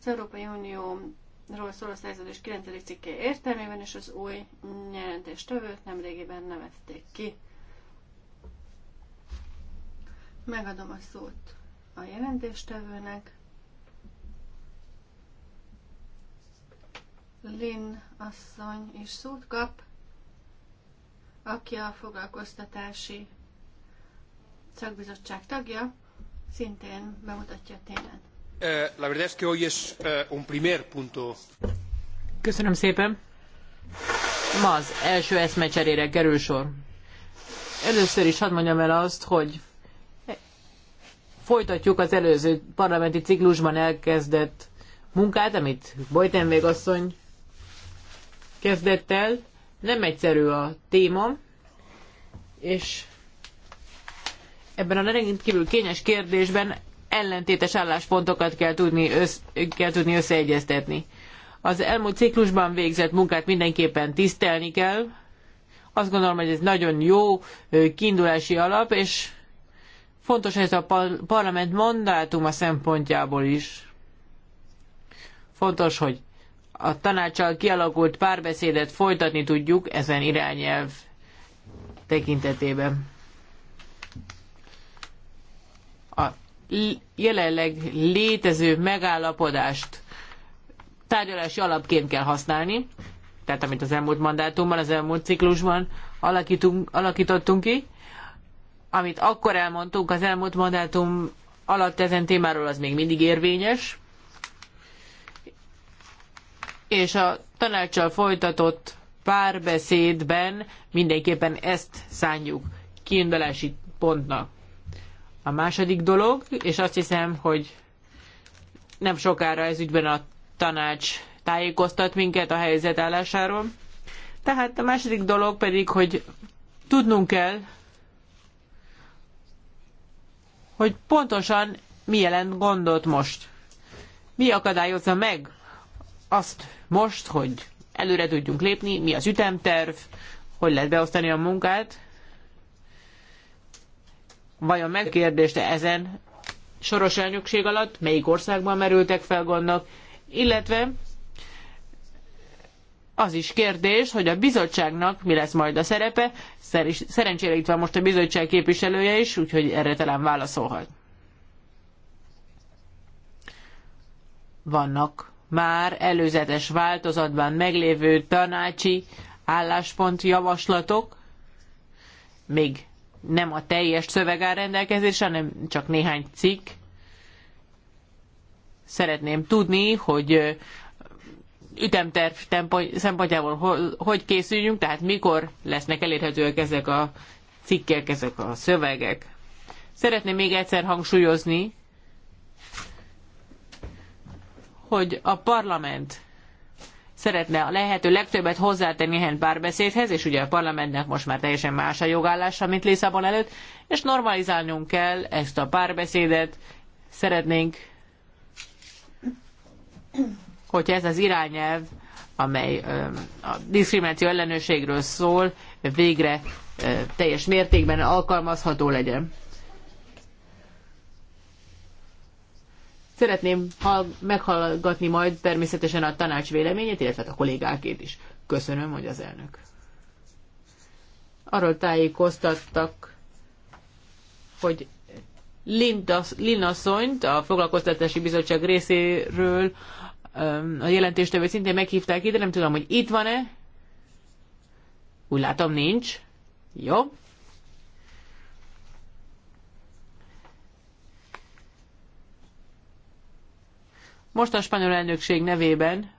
az Európai Unióról szóló szerződés 9. cikke értelmében, és az új jelentéstövőt nemrégiben nevezték ki. Megadom a szót a jelentéstevőnek. Lynn asszony is szót kap, aki a foglalkoztatási szakbizottság tagja, szintén bemutatja a témát. Eh, la verdad es que hoy es eh, un primer punto. Köszönöm szépen. Ma az első eszmecserére kerül sor. Először is hadd mondjam el azt, hogy folytatjuk az előző parlamenti ciklusban elkezdett munkát, amit Bojten asszony kezdett el. Nem egyszerű a téma, és ebben a rendkívül kényes kérdésben ellentétes álláspontokat kell tudni, össz, kell tudni összeegyeztetni. Az elmúlt ciklusban végzett munkát mindenképpen tisztelni kell. Azt gondolom, hogy ez nagyon jó kiindulási alap, és fontos ez a parlament mandátuma szempontjából is. Fontos, hogy a tanácsal kialakult párbeszédet folytatni tudjuk ezen irányelv tekintetében. A jelenleg létező megállapodást tárgyalási alapként kell használni, tehát amit az elmúlt mandátumban, az elmúlt ciklusban alakítunk, alakítottunk ki, amit akkor elmondtunk az elmúlt mandátum alatt ezen témáról, az még mindig érvényes, és a tanácssal folytatott párbeszédben mindenképpen ezt szánjuk kiindulási pontnak. A második dolog, és azt hiszem, hogy nem sokára ez ügyben a tanács tájékoztat minket a helyzet állásáról. Tehát a második dolog pedig, hogy tudnunk kell, hogy pontosan mi jelent gondot most. Mi akadályozza meg azt most, hogy előre tudjunk lépni, mi az ütemterv, hogy lehet beosztani a munkát. Vajon megkérdést -e ezen soros elnökség alatt, melyik országban merültek fel gondok, illetve az is kérdés, hogy a bizottságnak mi lesz majd a szerepe. Szerencsére itt van most a bizottság képviselője is, úgyhogy erre talán válaszolhat. Vannak már előzetes változatban meglévő tanácsi álláspont javaslatok, még nem a teljes szöveg áll rendelkezésre, hanem csak néhány cikk. Szeretném tudni, hogy ütemterv szempontjából hogy készüljünk, tehát mikor lesznek elérhetőek ezek a cikkek, ezek a szövegek. Szeretném még egyszer hangsúlyozni, hogy a parlament szeretne a lehető legtöbbet hozzátenni ilyen párbeszédhez, és ugye a parlamentnek most már teljesen más a jogállása, mint Lisszabon előtt, és normalizálnunk kell ezt a párbeszédet, szeretnénk, hogyha ez az irányelv, amely a diszkrimináció ellenőrségről szól, végre teljes mértékben alkalmazható legyen. Szeretném meghallgatni majd természetesen a tanács véleményét, illetve hát a kollégákét is. Köszönöm, hogy az elnök. Arról tájékoztattak, hogy Linnasszonyt a Foglalkoztatási Bizottság részéről a jelentéstevő szintén meghívták ide, nem tudom, hogy itt van-e. Úgy látom, nincs. Jó. Most a spanyol elnökség nevében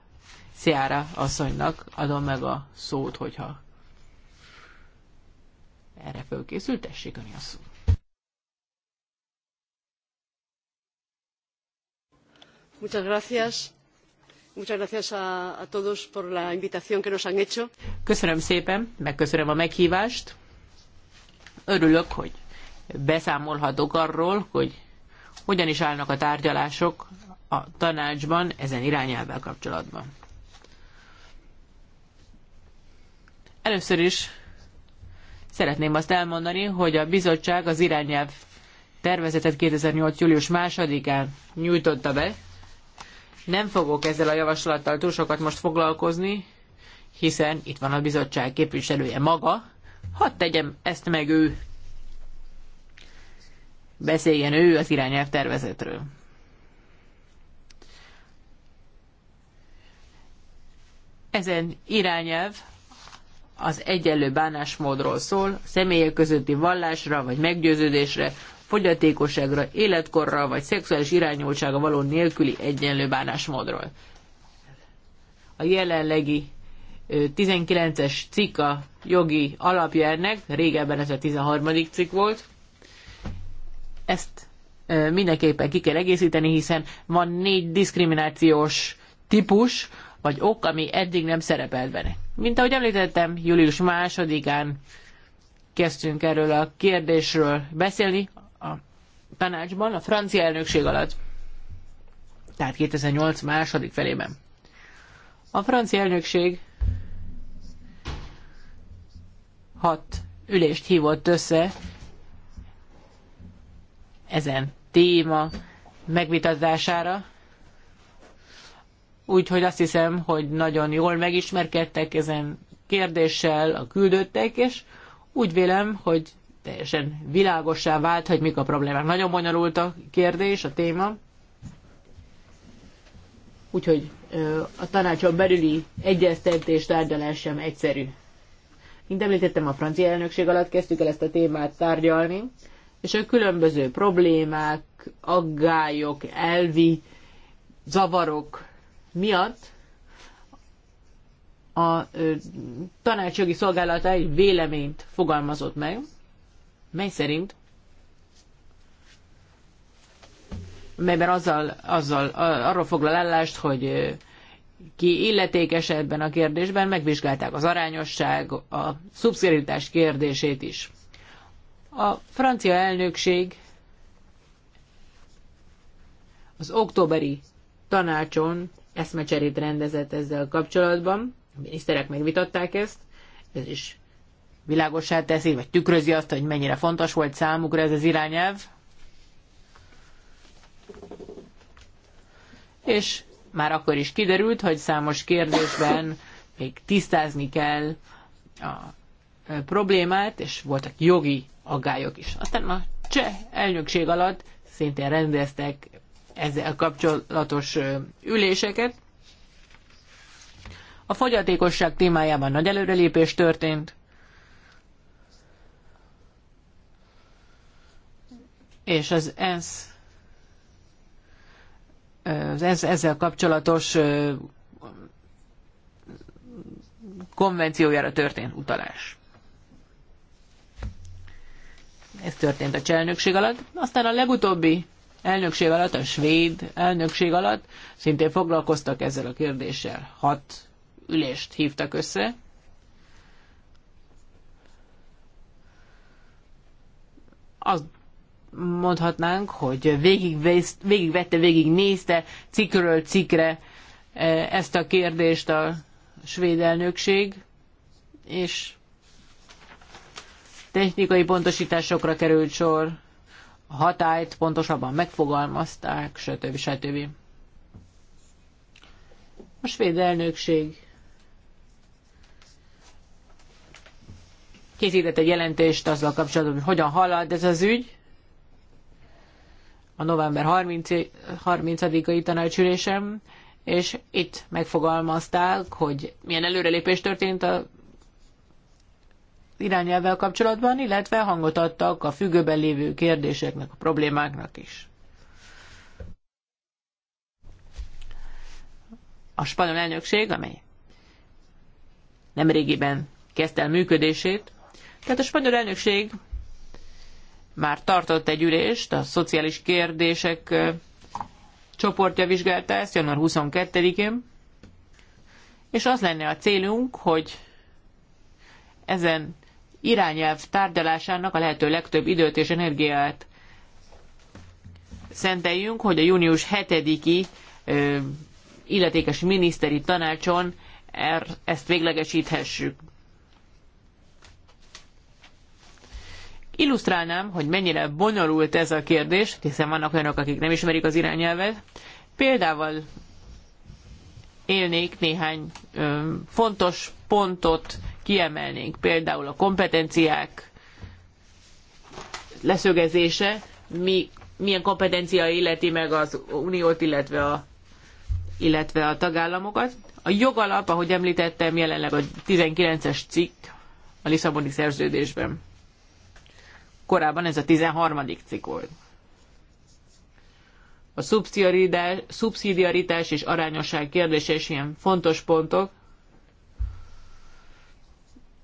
Ciara asszonynak adom meg a szót, hogyha erre fölkészült, tessék, a szó. Muchas gracias. Muchas gracias a, a todos por la invitación que nos han hecho. Köszönöm szépen, megköszönöm a meghívást. Örülök, hogy beszámolhatok arról, hogy hogyan is állnak a tárgyalások a tanácsban ezen irányelvvel kapcsolatban. Először is szeretném azt elmondani, hogy a bizottság az irányelv tervezetet 2008. július 2-án nyújtotta be. Nem fogok ezzel a javaslattal túl sokat most foglalkozni, hiszen itt van a bizottság képviselője maga. Hadd tegyem ezt meg ő. Beszéljen ő az irányelv tervezetről. Ezen irányelv az egyenlő bánásmódról szól, személyek közötti vallásra vagy meggyőződésre, fogyatékosságra, életkorra vagy szexuális irányultsága való nélküli egyenlő bánásmódról. A jelenlegi 19-es cikk a jogi alapja ennek, régebben ez a 13. cikk volt. Ezt mindenképpen ki kell egészíteni, hiszen van négy diszkriminációs típus, vagy ok, ami eddig nem szerepelt benne. Mint ahogy említettem, július másodikán kezdtünk erről a kérdésről beszélni a tanácsban, a francia elnökség alatt, tehát 2008 második felében. A francia elnökség hat ülést hívott össze ezen téma megvitatására, úgyhogy azt hiszem, hogy nagyon jól megismerkedtek ezen kérdéssel a küldöttek, és úgy vélem, hogy teljesen világosá vált, hogy mik a problémák. Nagyon bonyolult a kérdés, a téma. Úgyhogy a tanácson belüli egyeztetés tárgyalás sem egyszerű. Mint említettem, a francia elnökség alatt kezdtük el ezt a témát tárgyalni, és a különböző problémák, aggályok, elvi zavarok miatt a tanácsjogi szolgálata egy véleményt fogalmazott meg, mely szerint melyben azzal, azzal, arról foglal állást, hogy ki illetékes ebben a kérdésben, megvizsgálták az arányosság, a szubszidiaritás kérdését is. A francia elnökség az októberi tanácson eszmecserét rendezett ezzel kapcsolatban. A miniszterek megvitatták ezt, ez is világosá teszi, vagy tükrözi azt, hogy mennyire fontos volt számukra ez az irányelv. És már akkor is kiderült, hogy számos kérdésben még tisztázni kell a e, problémát, és voltak jogi aggályok is. Aztán a cseh elnökség alatt szintén rendeztek ezzel kapcsolatos üléseket. A fogyatékosság témájában nagy előrelépés történt, és az ENSZ az ENSZ ezzel kapcsolatos konvenciójára történt utalás. Ez történt a cselnökség alatt. Aztán a legutóbbi elnökség alatt, a svéd elnökség alatt szintén foglalkoztak ezzel a kérdéssel. Hat ülést hívtak össze. Azt mondhatnánk, hogy végigvette, végig végignézte cikről cikre e, ezt a kérdést a svéd elnökség, és technikai pontosításokra került sor, hatályt pontosabban megfogalmazták, stb. stb. A svéd elnökség készített egy jelentést azzal kapcsolatban, hogy hogyan halad ez az ügy a november 30-ai tanácsülésem, és itt megfogalmazták, hogy milyen előrelépés történt a irányelvvel kapcsolatban, illetve hangot adtak a függőben lévő kérdéseknek, a problémáknak is. A spanyol elnökség, amely nemrégiben kezdte el működését, tehát a spanyol elnökség már tartott egy ülést, a szociális kérdések csoportja vizsgálta ezt január 22-én, és az lenne a célunk, hogy ezen irányelv tárgyalásának a lehető legtöbb időt és energiát szenteljünk, hogy a június 7-i illetékes miniszteri tanácson er, ezt véglegesíthessük. Illusztrálnám, hogy mennyire bonyolult ez a kérdés, hiszen vannak olyanok, akik nem ismerik az irányelvet. Példával élnék néhány ö, fontos pontot kiemelnénk, például a kompetenciák leszögezése, mi, milyen kompetencia illeti meg az uniót, illetve a, illetve a tagállamokat. A jogalap, ahogy említettem, jelenleg a 19-es cikk a Lisszaboni szerződésben. Korábban ez a 13. cikk volt. A szubszidiaritás és arányosság kérdése is ilyen fontos pontok,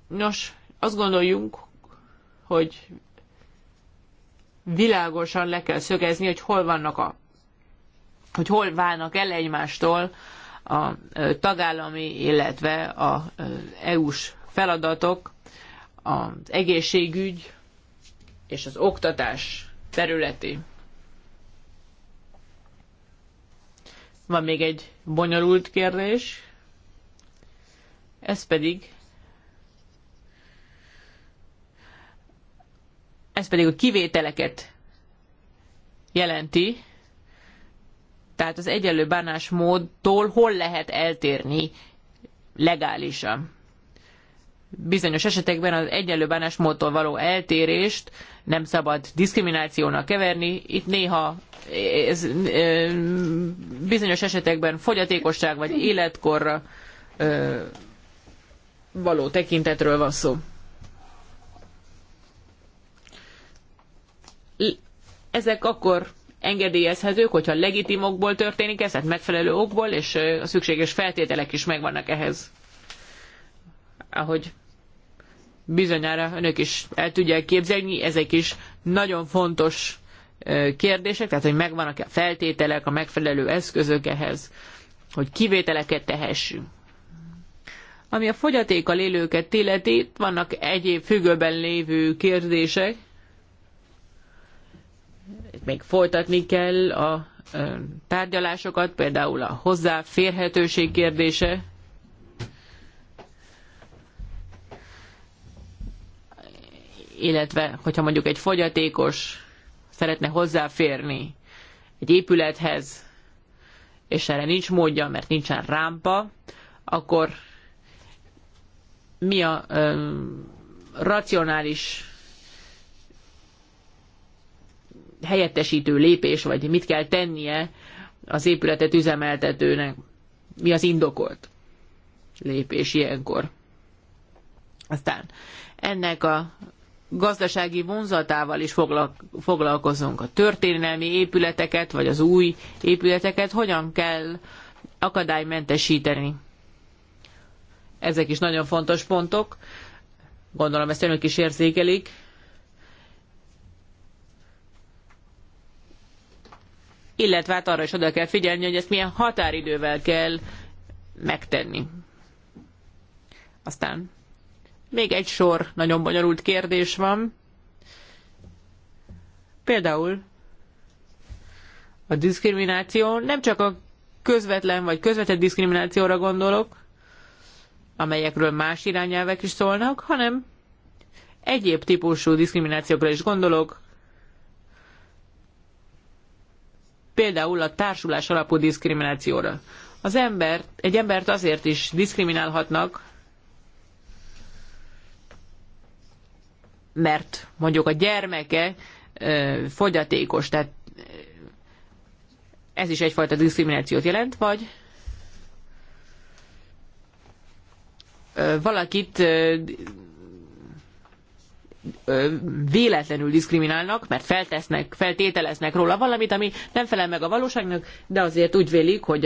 Nos, azt gondoljunk, hogy világosan le kell szögezni, hogy hol vannak a hogy hol válnak el egymástól a tagállami, illetve a EU-s feladatok, az egészségügy és az oktatás területi. Van még egy bonyolult kérdés, ez pedig ez pedig a kivételeket jelenti, tehát az egyenlő bánásmódtól hol lehet eltérni legálisan. Bizonyos esetekben az egyenlő bánásmódtól való eltérést nem szabad diszkriminációnak keverni. Itt néha ez, bizonyos esetekben fogyatékosság vagy életkorra való tekintetről van szó. ezek akkor engedélyezhetők, hogyha okból történik ez, tehát megfelelő okból, és a szükséges feltételek is megvannak ehhez. Ahogy bizonyára önök is el tudják képzelni, ezek is nagyon fontos kérdések, tehát hogy megvannak-e a feltételek, a megfelelő eszközök ehhez, hogy kivételeket tehessünk. Ami a fogyatékkal élőket illeti, vannak egyéb függőben lévő kérdések, még folytatni kell a tárgyalásokat, például a hozzáférhetőség kérdése. Illetve, hogyha mondjuk egy fogyatékos szeretne hozzáférni egy épülethez, és erre nincs módja, mert nincsen rámpa, akkor mi a ö, racionális helyettesítő lépés, vagy mit kell tennie az épületet üzemeltetőnek? Mi az indokolt lépés ilyenkor? Aztán ennek a gazdasági vonzatával is foglalkozunk. A történelmi épületeket, vagy az új épületeket hogyan kell akadálymentesíteni? Ezek is nagyon fontos pontok. Gondolom ezt önök is érzékelik. illetve hát arra is oda kell figyelni, hogy ezt milyen határidővel kell megtenni. Aztán még egy sor nagyon bonyolult kérdés van. Például a diszkrimináció, nem csak a közvetlen vagy közvetett diszkriminációra gondolok, amelyekről más irányelvek is szólnak, hanem egyéb típusú diszkriminációkra is gondolok, például a társulás alapú diszkriminációra. Az ember, egy embert azért is diszkriminálhatnak, mert mondjuk a gyermeke fogyatékos, tehát ez is egyfajta diszkriminációt jelent, vagy valakit véletlenül diszkriminálnak, mert feltesznek, feltételeznek róla valamit, ami nem felel meg a valóságnak, de azért úgy vélik, hogy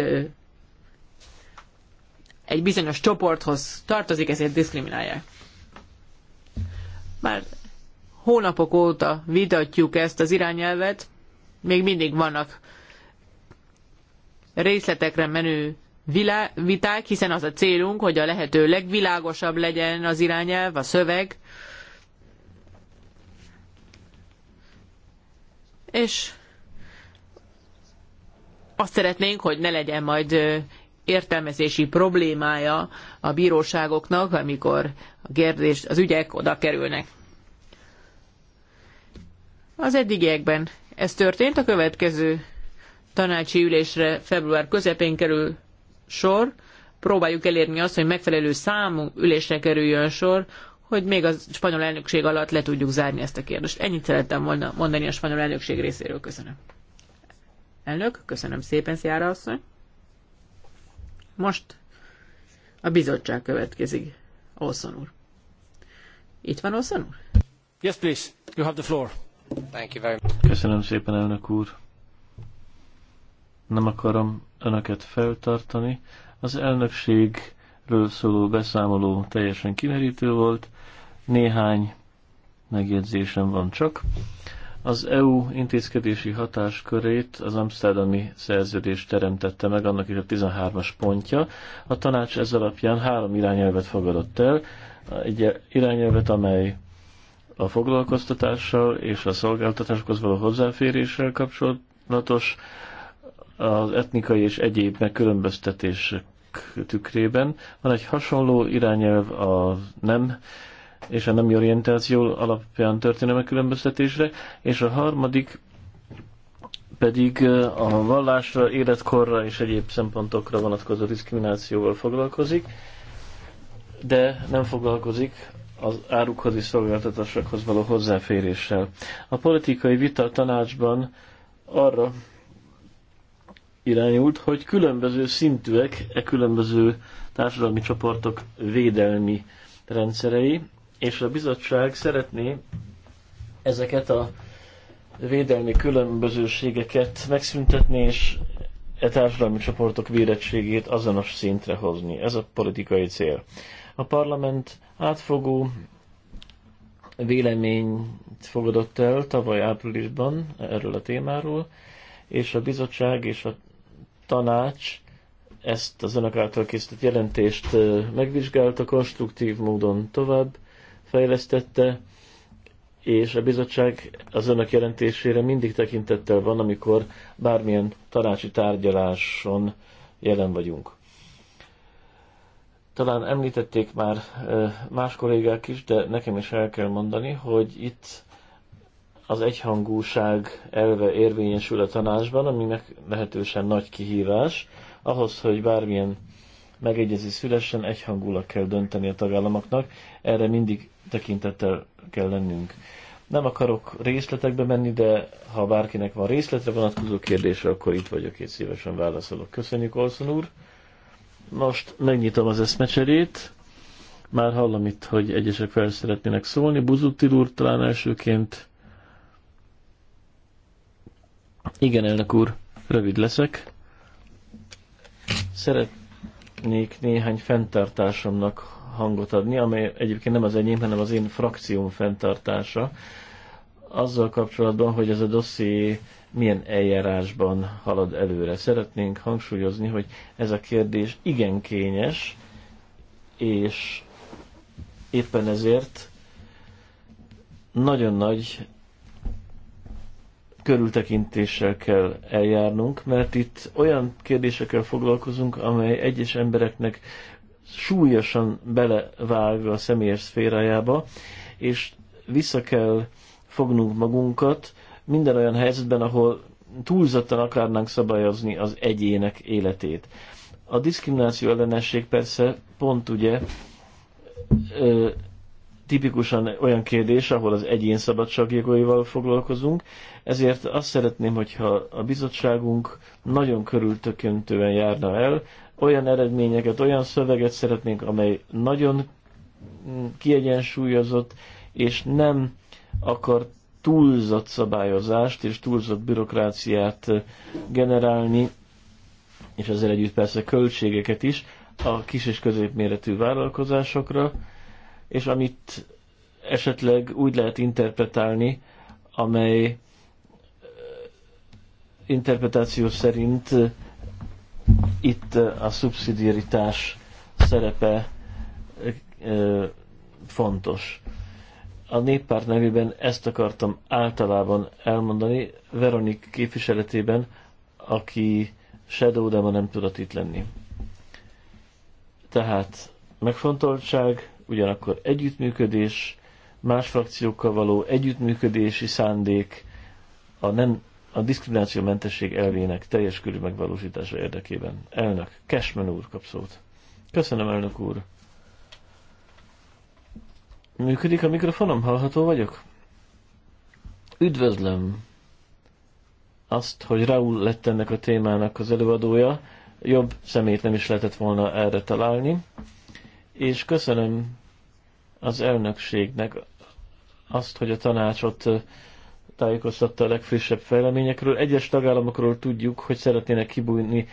egy bizonyos csoporthoz tartozik, ezért diszkriminálják. Már hónapok óta vitatjuk ezt az irányelvet, még mindig vannak részletekre menő viták, hiszen az a célunk, hogy a lehető legvilágosabb legyen az irányelv, a szöveg, és azt szeretnénk, hogy ne legyen majd értelmezési problémája a bíróságoknak, amikor a kérdés, az ügyek oda kerülnek. Az eddigiekben ez történt, a következő tanácsi ülésre február közepén kerül sor. Próbáljuk elérni azt, hogy megfelelő számú ülésre kerüljön sor, hogy még a spanyol elnökség alatt le tudjuk zárni ezt a kérdést. Ennyit szerettem volna mondani a spanyol elnökség részéről. Köszönöm. Elnök, köszönöm szépen, Sziára asszony. Most a bizottság következik. Olszon úr. Itt van Olszon úr? Yes, please. You have the floor. Thank you very much. Köszönöm szépen, elnök úr. Nem akarom önöket feltartani. Az elnökségről szóló beszámoló teljesen kimerítő volt. Néhány megjegyzésem van csak. Az EU intézkedési hatáskörét az Amsterdami szerződés teremtette meg, annak is a 13-as pontja. A tanács ez alapján három irányelvet fogadott el. Egy irányelvet, amely a foglalkoztatással és a szolgáltatásokhoz való hozzáféréssel kapcsolatos, az etnikai és egyéb megkülönböztetések tükrében. Van egy hasonló irányelv a nem és a nemi orientáció alapján történő megkülönböztetésre, és a harmadik pedig a vallásra, életkorra és egyéb szempontokra vonatkozó diszkriminációval foglalkozik, de nem foglalkozik az árukhoz és szolgáltatásokhoz való hozzáféréssel. A politikai vita tanácsban arra irányult, hogy különböző szintűek e különböző társadalmi csoportok védelmi rendszerei, és a bizottság szeretné ezeket a védelmi különbözőségeket megszüntetni, és e társadalmi csoportok védettségét azonos szintre hozni. Ez a politikai cél. A parlament átfogó véleményt fogadott el tavaly áprilisban erről a témáról, és a bizottság és a tanács ezt az önök által készített jelentést megvizsgálta konstruktív módon tovább fejlesztette, és a bizottság az önök jelentésére mindig tekintettel van, amikor bármilyen tanácsi tárgyaláson jelen vagyunk. Talán említették már más kollégák is, de nekem is el kell mondani, hogy itt az egyhangúság elve érvényesül a tanácsban, aminek lehetősen nagy kihívás, ahhoz, hogy bármilyen megegyezés szülesen, egyhangulag kell dönteni a tagállamoknak, erre mindig tekintettel kell lennünk. Nem akarok részletekbe menni, de ha bárkinek van részletre vonatkozó kérdése, akkor itt vagyok, és szívesen válaszolok. Köszönjük, Olszon úr! Most megnyitom az eszmecserét. Már hallom itt, hogy egyesek fel szeretnének szólni. Buzutil úr talán elsőként. Igen, elnök úr, rövid leszek. Szeret, szeretnék néhány fenntartásomnak hangot adni, amely egyébként nem az enyém, hanem az én frakcióm fenntartása, azzal kapcsolatban, hogy ez a dosszi milyen eljárásban halad előre. Szeretnénk hangsúlyozni, hogy ez a kérdés igen kényes, és éppen ezért nagyon nagy körültekintéssel kell eljárnunk, mert itt olyan kérdésekkel foglalkozunk, amely egyes embereknek súlyosan belevág a személyes szférájába, és vissza kell fognunk magunkat minden olyan helyzetben, ahol túlzottan akarnánk szabályozni az egyének életét. A diszkrimináció ellenesség persze pont ugye tipikusan olyan kérdés, ahol az egyén szabadságjogaival foglalkozunk, ezért azt szeretném, hogyha a bizottságunk nagyon körültökéntően járna el, olyan eredményeket, olyan szöveget szeretnénk, amely nagyon mm, kiegyensúlyozott, és nem akar túlzott szabályozást és túlzott bürokráciát eh, generálni, és ezzel együtt persze költségeket is a kis és középméretű vállalkozásokra, és amit esetleg úgy lehet interpretálni, amely interpretáció szerint itt a szubszidiaritás szerepe fontos. A néppárt nevében ezt akartam általában elmondani, Veronik képviseletében, aki Shadow, de ma nem tudott itt lenni. Tehát megfontoltság, ugyanakkor együttműködés, más frakciókkal való együttműködési szándék a, nem, a diszkriminációmentesség elvének teljes körű megvalósítása érdekében. Elnök, Cashman úr kap szót. Köszönöm, elnök úr. Működik a mikrofonom? Hallható vagyok? Üdvözlöm azt, hogy Raúl lett ennek a témának az előadója. Jobb szemét nem is lehetett volna erre találni. És köszönöm az elnökségnek azt, hogy a tanácsot tájékoztatta a legfrissebb fejleményekről. Egyes tagállamokról tudjuk, hogy szeretnének kibújni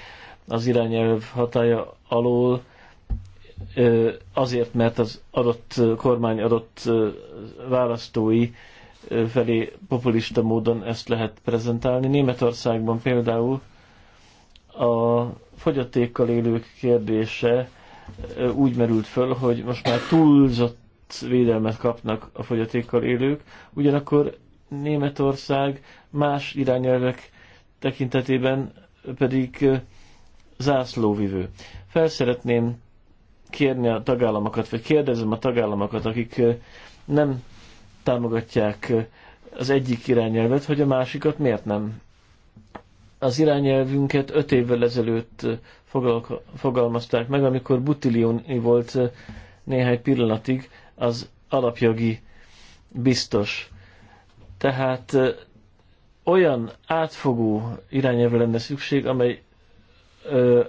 az irányelv hatája alól, azért, mert az adott kormány adott választói felé populista módon ezt lehet prezentálni. Németországban például a fogyatékkal élők kérdése úgy merült föl, hogy most már túlzott védelmet kapnak a fogyatékkal élők, ugyanakkor Németország más irányelvek tekintetében pedig zászlóvivő. Felszeretném kérni a tagállamokat, vagy kérdezem a tagállamokat, akik nem támogatják az egyik irányelvet, hogy a másikat miért nem. Az irányelvünket öt évvel ezelőtt fogalmazták meg, amikor Butilioni volt néhány pillanatig az alapjogi biztos. Tehát olyan átfogó irányelvre lenne szükség, amely ö,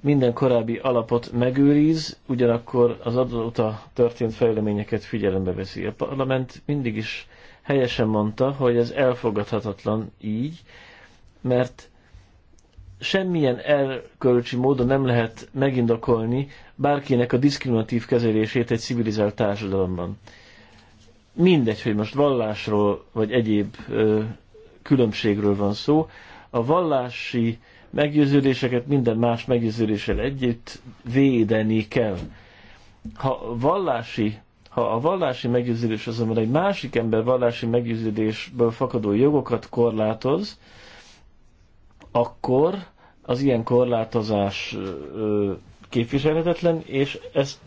minden korábbi alapot megőriz, ugyanakkor az adóta történt fejleményeket figyelembe veszi. A parlament mindig is helyesen mondta, hogy ez elfogadhatatlan így, mert semmilyen erkölcsi módon nem lehet megindokolni bárkinek a diszkriminatív kezelését egy civilizált társadalomban. Mindegy, hogy most vallásról vagy egyéb ö, különbségről van szó, a vallási meggyőződéseket minden más meggyőződéssel együtt védeni kell. Ha vallási ha a vallási meggyőződés azonban egy másik ember vallási meggyőződésből fakadó jogokat korlátoz, akkor az ilyen korlátozás képviselhetetlen, és ezt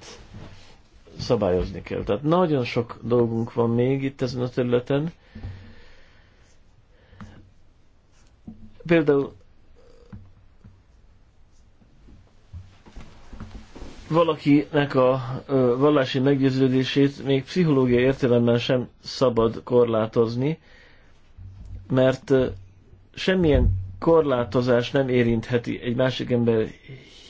szabályozni kell. Tehát nagyon sok dolgunk van még itt ezen a területen. Például valakinek a ö, vallási meggyőződését még pszichológiai értelemben sem szabad korlátozni, mert ö, semmilyen korlátozás nem érintheti egy másik ember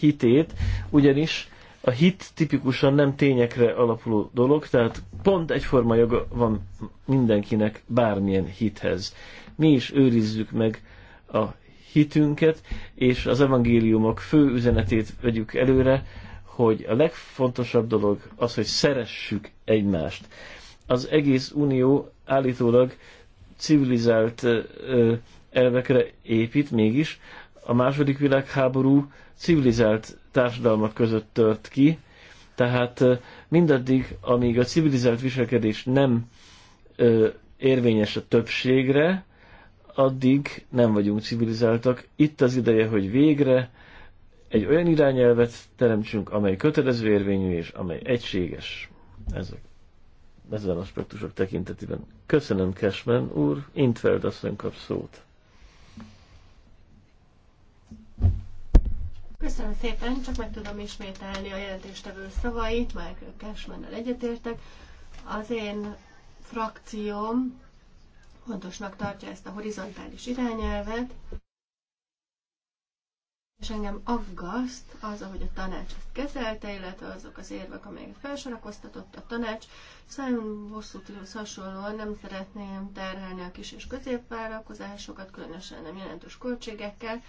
hitét, ugyanis a hit tipikusan nem tényekre alapuló dolog, tehát pont egyforma joga van mindenkinek bármilyen hithez. Mi is őrizzük meg a hitünket, és az evangéliumok fő üzenetét vegyük előre, hogy a legfontosabb dolog az, hogy szeressük egymást. Az egész unió állítólag civilizált elvekre épít mégis. A második világháború civilizált társadalmak között tört ki, tehát mindaddig, amíg a civilizált viselkedés nem ö, érvényes a többségre, addig nem vagyunk civilizáltak. Itt az ideje, hogy végre egy olyan irányelvet teremtsünk, amely kötelező érvényű és amely egységes. Ezek ezen aspektusok tekintetében. Köszönöm, Kesmen úr, Intveld asszony kap szót. Köszönöm szépen, csak meg tudom ismételni a jelentéstevő szavait, már cashman egyetértek. Az én frakcióm fontosnak tartja ezt a horizontális irányelvet, és engem aggaszt az, ahogy a tanács ezt kezelte, illetve azok az érvek, amelyeket felsorakoztatott a tanács. Simon Bosszútilhoz hasonlóan nem szeretném terhelni a kis és középvállalkozásokat, különösen nem jelentős költségekkel,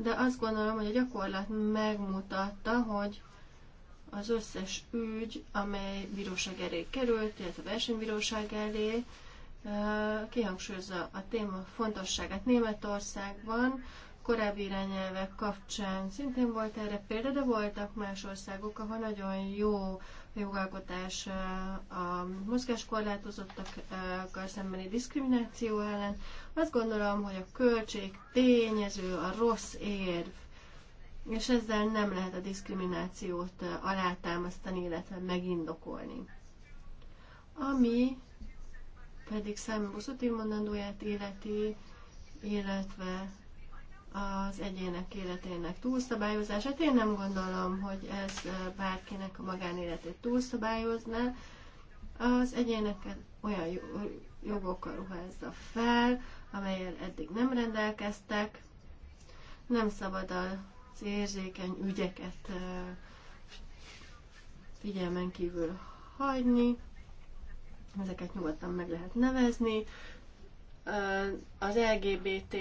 de azt gondolom, hogy a gyakorlat megmutatta, hogy az összes ügy, amely bíróság elé került, illetve a versenybíróság elé, kihangsúlyozza a téma fontosságát Németországban, korábbi irányelvek kapcsán szintén volt erre példa, de voltak más országok, ahol nagyon jó jogalkotás a mozgáskorlátozottakkal szembeni diszkrimináció ellen. Azt gondolom, hogy a költség tényező, a rossz érv, és ezzel nem lehet a diszkriminációt alátámasztani, illetve megindokolni. Ami pedig Simon pozitív mondandóját életi illetve az egyének életének túlszabályozását. Én nem gondolom, hogy ez bárkinek a magánéletét túlszabályozná. Az egyéneket olyan jogokkal ruházza fel, amelyel eddig nem rendelkeztek. Nem szabad az érzékeny ügyeket figyelmen kívül hagyni. Ezeket nyugodtan meg lehet nevezni. Az LGBT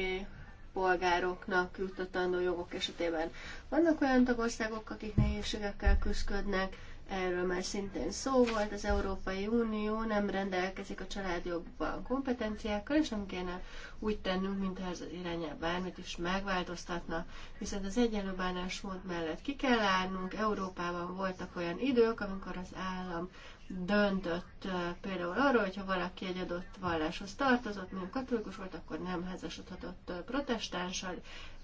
polgároknak juttatandó jogok esetében. Vannak olyan tagországok, akik nehézségekkel küzdködnek, erről már szintén szó volt, az Európai Unió nem rendelkezik a családjogban kompetenciákkal, és nem kéne úgy tennünk, mintha ez irányába, bármit is megváltoztatna. Viszont az egyenlő bánásmód mellett ki kell állnunk, Európában voltak olyan idők, amikor az állam döntött például arról, hogyha valaki egy adott valláshoz tartozott, mondjuk katolikus volt, akkor nem házasodhatott protestánssal.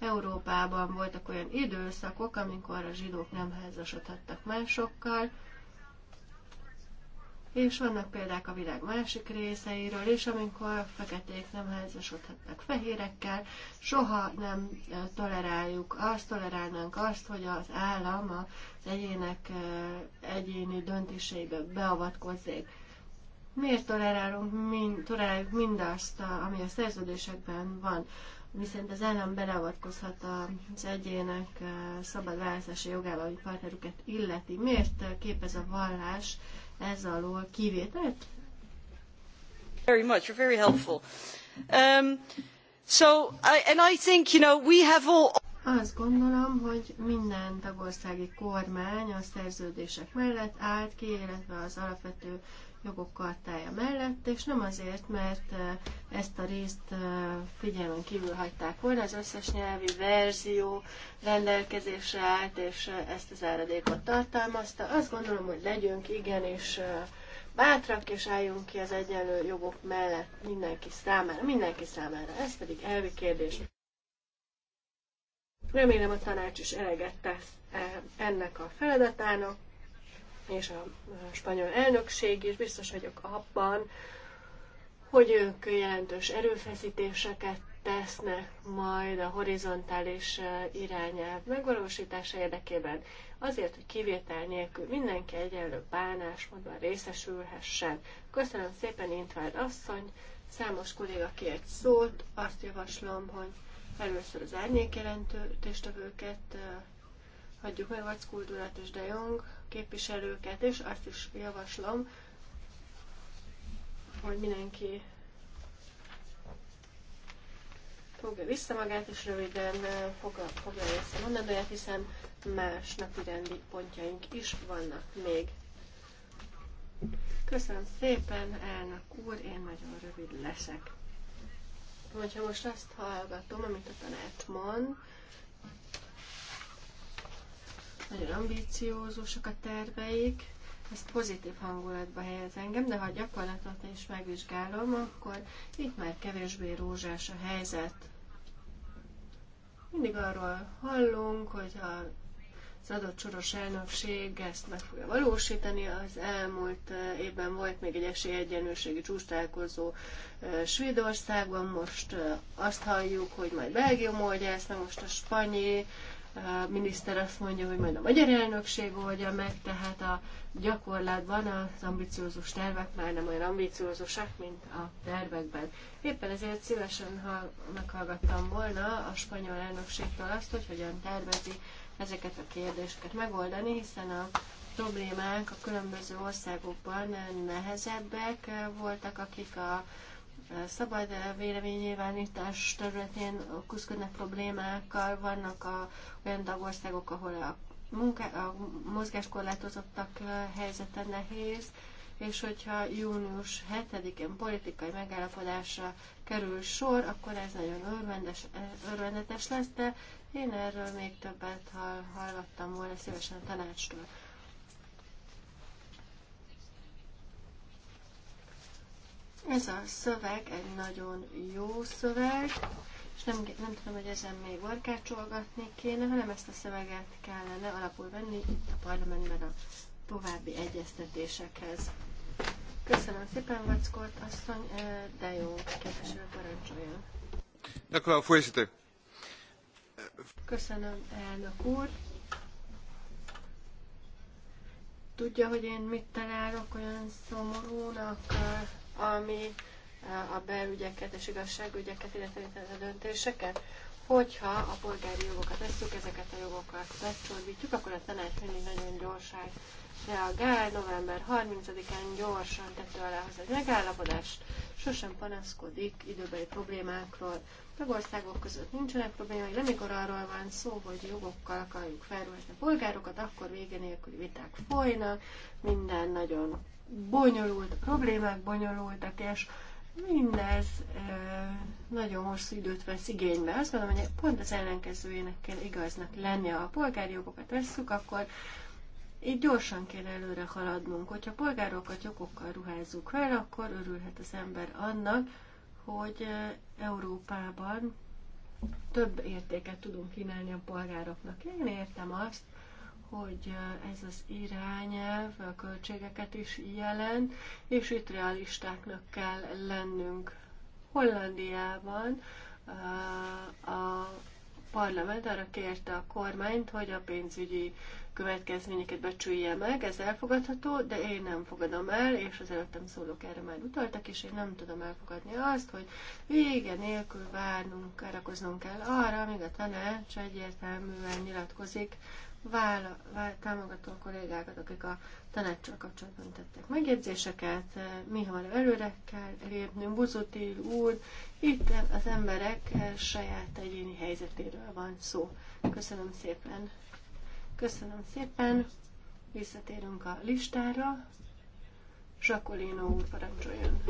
Európában voltak olyan időszakok, amikor a zsidók nem házasodhattak másokkal, és vannak példák a világ másik részeiről és amikor a feketék nem házasodhatnak fehérekkel, soha nem toleráljuk azt, tolerálnánk azt, hogy az állam az egyének egyéni döntéseibe beavatkozzék. Miért tolerálunk mind, toleráljuk mindazt, ami a szerződésekben van? viszont az állam beleavatkozhat az egyének szabad választási jogával, hogy partnerüket illeti. Miért képez a vallás ez alól kivételt? Very much, you're very helpful. Um, so, I, and I think, you know, we have all... Azt gondolom, hogy minden tagországi kormány a szerződések mellett állt ki, illetve az alapvető jogok kartája mellett, és nem azért, mert eh, ezt a részt eh, figyelmen kívül hagyták volna, az összes nyelvi verzió rendelkezésre állt, és eh, ezt az áradékot tartalmazta. Azt gondolom, hogy legyünk igenis bátrak, és álljunk ki az egyenlő jogok mellett mindenki számára, mindenki számára. Ez pedig elvi kérdés. Remélem a tanács is eleget tesz ennek a feladatának és a spanyol elnökség is biztos vagyok abban, hogy ők jelentős erőfeszítéseket tesznek majd a horizontális irányelv megvalósítása érdekében, azért, hogy kivétel nélkül mindenki egyenlő bánásmódban részesülhessen. Köszönöm szépen, Intvárd asszony, számos kolléga kért szót, azt javaslom, hogy először az árnyékjelentőstevőket hagyjuk meg, Vackó és De Jong képviselőket, és azt is javaslom, hogy mindenki fogja vissza magát, és röviden eh, foglalja össze mondandóját, hiszen más napi rendi pontjaink is vannak még. Köszönöm szépen, elnök úr, én nagyon rövid leszek. Hogyha most azt hallgatom, amit a tanács mond, nagyon ambíciózusak a terveik, ez pozitív hangulatba helyez engem, de ha a gyakorlatot is megvizsgálom, akkor itt már kevésbé rózsás a helyzet. Mindig arról hallunk, hogy ha az adott soros elnökség ezt meg fogja valósítani. Az elmúlt eh, évben volt még egy esélyegyenlőségi csúsztálkozó eh, Svédországban, most eh, azt halljuk, hogy majd Belgium oldja ezt, meg most a spanyol a miniszter azt mondja, hogy majd a magyar elnökség oldja meg, tehát a gyakorlatban az ambiciózus tervek már nem olyan ambiciózusak, mint a tervekben. Éppen ezért szívesen ha meghallgattam volna a spanyol elnökségtől azt, hogy hogyan tervezi ezeket a kérdéseket megoldani, hiszen a problémák a különböző országokban nehezebbek voltak, akik a szabad véleménynyilvánítás területén küzdködnek problémákkal, vannak a, olyan tagországok, ahol a, munká, a mozgáskorlátozottak helyzete nehéz, és hogyha június 7-én politikai megállapodásra kerül sor, akkor ez nagyon örvendes, örvendetes lesz, de én erről még többet hallgattam, hallottam volna szívesen a tanácstól. Ez a szöveg egy nagyon jó szöveg, és nem, nem tudom, hogy ezen még varkácsolgatni kéne, hanem ezt a szöveget kellene alapul venni itt a parlamentben a további egyeztetésekhez. Köszönöm szépen, Vackort asszony, de jó, képviselő parancsoljon. Köszönöm, elnök úr. Tudja, hogy én mit találok olyan szomorúnak, ami eh, a belügyeket és igazságügyeket, illetve a döntéseket. Hogyha a polgári jogokat tesszük, ezeket a jogokat megcsorbítjuk, akkor a tanács mindig nagyon gyorsan reagál. November 30-án gyorsan tette alá hozzá egy megállapodást, sosem panaszkodik időbeli problémákról. Tagországok között nincsenek problémák, de amikor arról van szó, hogy jogokkal akarjuk felruházni a polgárokat, akkor vége nélküli viták folynak, minden nagyon bonyolult a problémák, bonyolultak, és mindez nagyon hosszú időt vesz igénybe. Azt mondom, hogy pont az ellenkezőjének kell igaznak lenni, Ha a polgári jogokat vesszük, akkor így gyorsan kell előre haladnunk. Hogyha polgárokat jogokkal ruházzuk fel, akkor örülhet az ember annak, hogy Európában több értéket tudunk kínálni a polgároknak. Én értem azt, hogy ez az irányelv a költségeket is jelent, és itt realistáknak kell lennünk. Hollandiában a parlament arra kérte a kormányt, hogy a pénzügyi következményeket becsülje meg, ez elfogadható, de én nem fogadom el, és az előttem szólók erre már utaltak, és én nem tudom elfogadni azt, hogy vége nélkül várnunk, kárakoznunk kell arra, amíg a tanács egyértelműen nyilatkozik vála, vála, támogató kollégákat, akik a tanácssal kapcsolatban tettek megjegyzéseket, eh, mi hamar előre kell lépni, Buzuti úr, itt az emberek eh, saját egyéni helyzetéről van szó. Köszönöm szépen. Köszönöm szépen. Visszatérünk a listára. Zsakolino úr parancsoljon.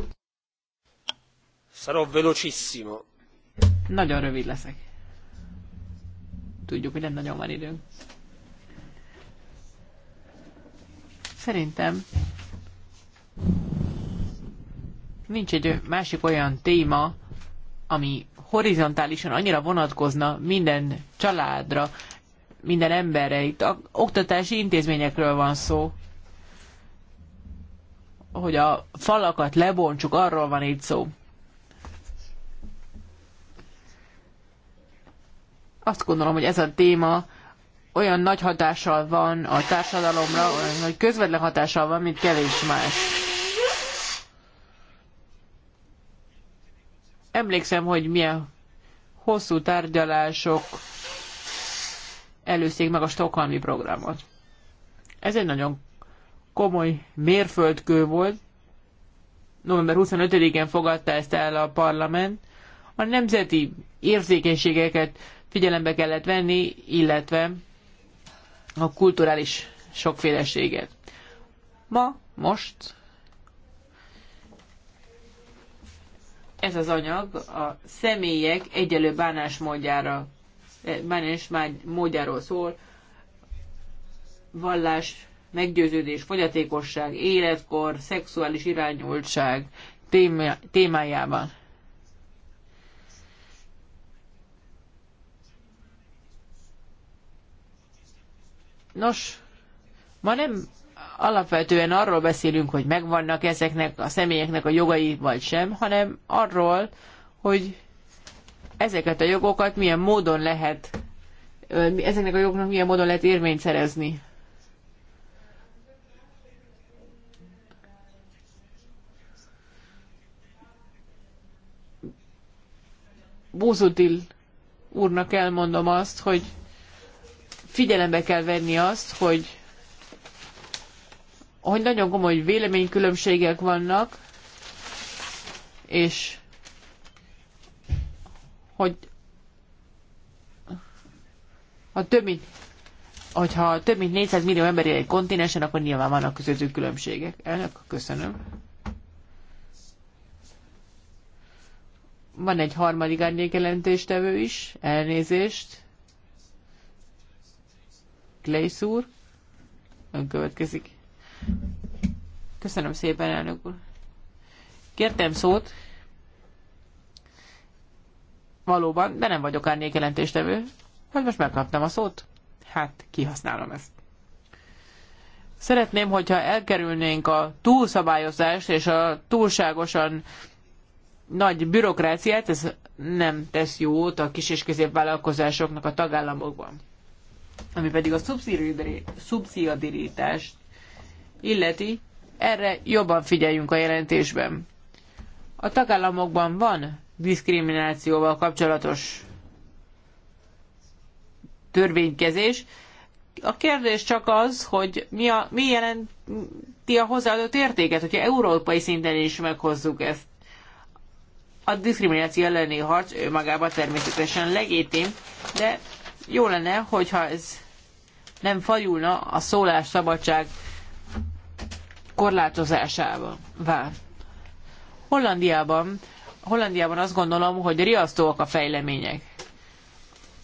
Sarò velocissimo. Nagyon rövid leszek. Tudjuk, hogy nem nagyon van időnk. Szerintem nincs egy másik olyan téma, ami horizontálisan annyira vonatkozna minden családra, minden emberre. Itt a oktatási intézményekről van szó, hogy a falakat lebontsuk, arról van itt szó. Azt gondolom, hogy ez a téma olyan nagy hatással van a társadalomra, olyan nagy közvetlen hatással van, mint kevés más. Emlékszem, hogy milyen hosszú tárgyalások előszik meg a Stockholmi programot. Ez egy nagyon komoly mérföldkő volt. November 25-én fogadta ezt el a parlament. A nemzeti érzékenységeket figyelembe kellett venni, illetve a kulturális sokféleséget. Ma, most ez az anyag a személyek egyelő bánásmódjára, eh, bánás módjáról szól, vallás, meggyőződés, fogyatékosság, életkor, szexuális irányultság témájában. Nos, ma nem alapvetően arról beszélünk, hogy megvannak ezeknek a személyeknek a jogai vagy sem, hanem arról, hogy ezeket a jogokat milyen módon lehet, ezeknek a jogoknak milyen módon lehet érvényt szerezni. Búzutil úrnak elmondom azt, hogy figyelembe kell venni azt, hogy, hogy nagyon komoly véleménykülönbségek vannak, és hogy ha több mint, hogyha több mint 400 millió ember él egy kontinensen, akkor nyilván vannak közöttük különbségek. Elnök, köszönöm. Van egy harmadik árnyékjelentéstevő is, elnézést. Glész úr. Ön következik. Köszönöm szépen, elnök úr. Kértem szót. Valóban, de nem vagyok árnyék jelentéstevő. Hogy most megkaptam a szót? Hát, kihasználom ezt. Szeretném, hogyha elkerülnénk a túlszabályozást és a túlságosan nagy bürokráciát, ez nem tesz jót a kis és középvállalkozásoknak a tagállamokban ami pedig a szubszidiaritást illeti, erre jobban figyeljünk a jelentésben. A tagállamokban van diszkriminációval kapcsolatos törvénykezés. A kérdés csak az, hogy mi, a, mi jelenti a hozzáadott értéket, hogyha európai szinten is meghozzuk ezt. A diszkrimináció elleni harc önmagában természetesen legitim, de jó lenne, hogyha ez nem fajulna a szólásszabadság korlátozásába. Vár. Hollandiában, Hollandiában azt gondolom, hogy riasztóak a fejlemények.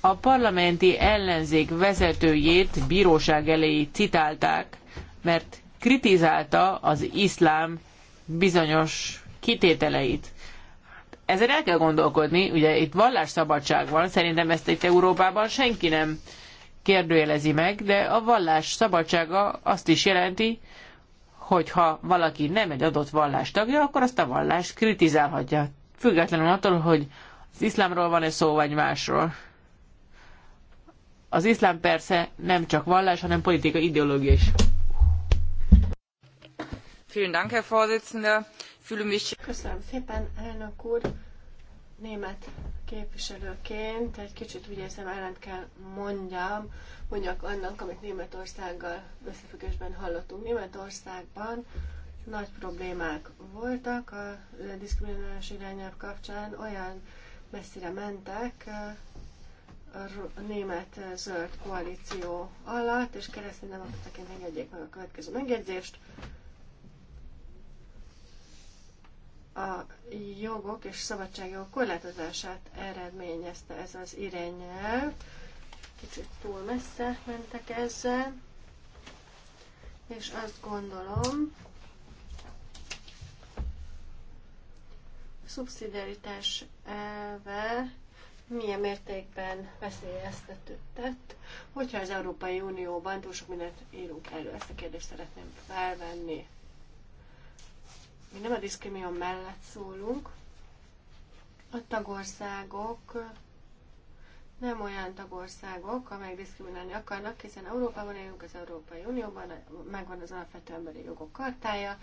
A parlamenti ellenzék vezetőjét bíróság elé citálták, mert kritizálta az iszlám bizonyos kitételeit ezen el kell gondolkodni, ugye itt vallásszabadság van, szerintem ezt itt Európában senki nem kérdőjelezi meg, de a vallás szabadsága azt is jelenti, hogy ha valaki nem egy adott vallás tagja, akkor azt a vallást kritizálhatja, függetlenül attól, hogy az iszlámról van-e szó, vagy másról. Az iszlám persze nem csak vallás, hanem politika ideológia is. Vielen Dank, Herr Vorsitzender. Köszönöm szépen, elnök úr. Német képviselőként egy kicsit úgy érzem ellent kell mondjam, mondjak annak, amit Németországgal összefüggésben hallottunk. Németországban nagy problémák voltak a diszkriminációs irányelv kapcsán, olyan messzire mentek a német zöld koalíció alatt, és keresztény nem akartak engedjék meg a következő megjegyzést. a jogok és szabadságjogok korlátozását eredményezte ez az irányelv. Kicsit túl messze mentek ezzel, és azt gondolom, szubszidiaritás elve milyen mértékben veszélyeztetett, hogyha az Európai Unióban túl sok mindent írunk elő. Ezt a kérdést szeretném felvenni mi nem a diszkrimió mellett szólunk, a tagországok nem olyan tagországok, amelyek diszkriminálni akarnak, hiszen Európában élünk, az Európai Unióban megvan az alapvető emberi jogok kartája,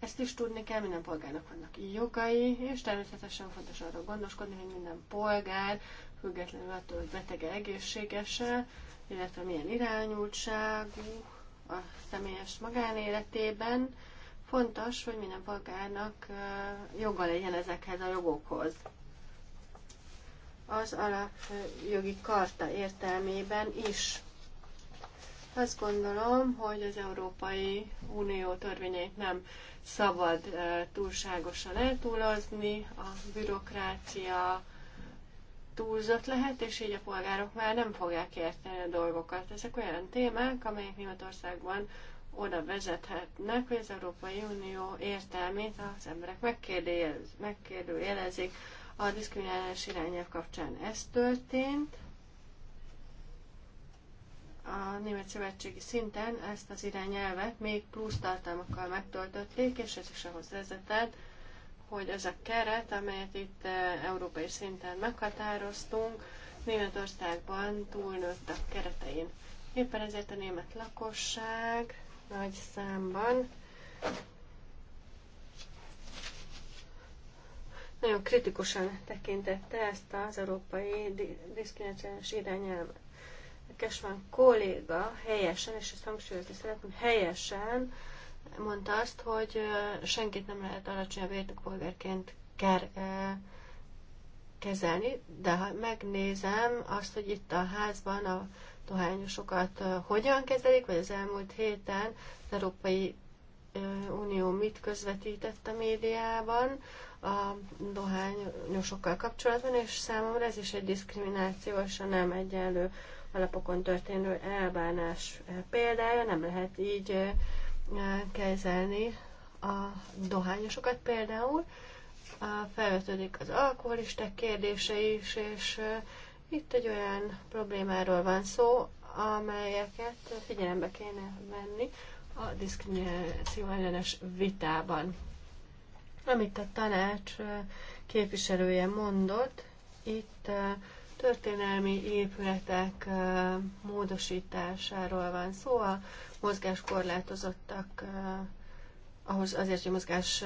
ezt is tudni kell, minden polgárnak vannak jogai, és természetesen fontos arra gondoskodni, hogy minden polgár, függetlenül attól, hogy betege egészségese, illetve milyen irányultságú a személyes magánéletében, Fontos, hogy minden polgárnak joga legyen ezekhez a jogokhoz. Az alapjogi karta értelmében is. Azt gondolom, hogy az Európai Unió törvényeit nem szabad túlságosan eltúlozni, a bürokrácia túlzott lehet, és így a polgárok már nem fogják érteni a dolgokat. Ezek olyan témák, amelyek Németországban oda vezethetnek, hogy az Európai Unió értelmét az emberek megkérdőjelezik a diszkriminálás irányelv kapcsán. Ez történt. A Német Szövetségi szinten ezt az irányelvet még plusz tartalmakkal megtöltötték, és ez is ahhoz vezetett, hogy ez a keret, amelyet itt e, európai szinten meghatároztunk, Németországban túlnőtt a keretein. Éppen ezért a német lakosság nagy számban. Nagyon kritikusan tekintette ezt az európai diszkriminációs irányelvet. Kes van kolléga helyesen, és ezt hangsúlyozni szeretném, helyesen mondta azt, hogy senkit nem lehet alacsonyabb polgárként ker, kezelni, de ha megnézem azt, hogy itt a házban a dohányosokat hogyan kezelik, vagy az elmúlt héten az Európai Unió mit közvetített a médiában a dohányosokkal kapcsolatban, és számomra ez is egy diszkrimináció, és a nem egyenlő alapokon történő elbánás példája, nem lehet így kezelni a dohányosokat például. Felvetődik az alkoholisták kérdése is, és itt egy olyan problémáról van szó, amelyeket figyelembe kéne venni a diszkrimináció ellenes vitában. Amit a tanács képviselője mondott, itt történelmi épületek módosításáról van szó, a mozgáskorlátozottak ahhoz azért, hogy mozgás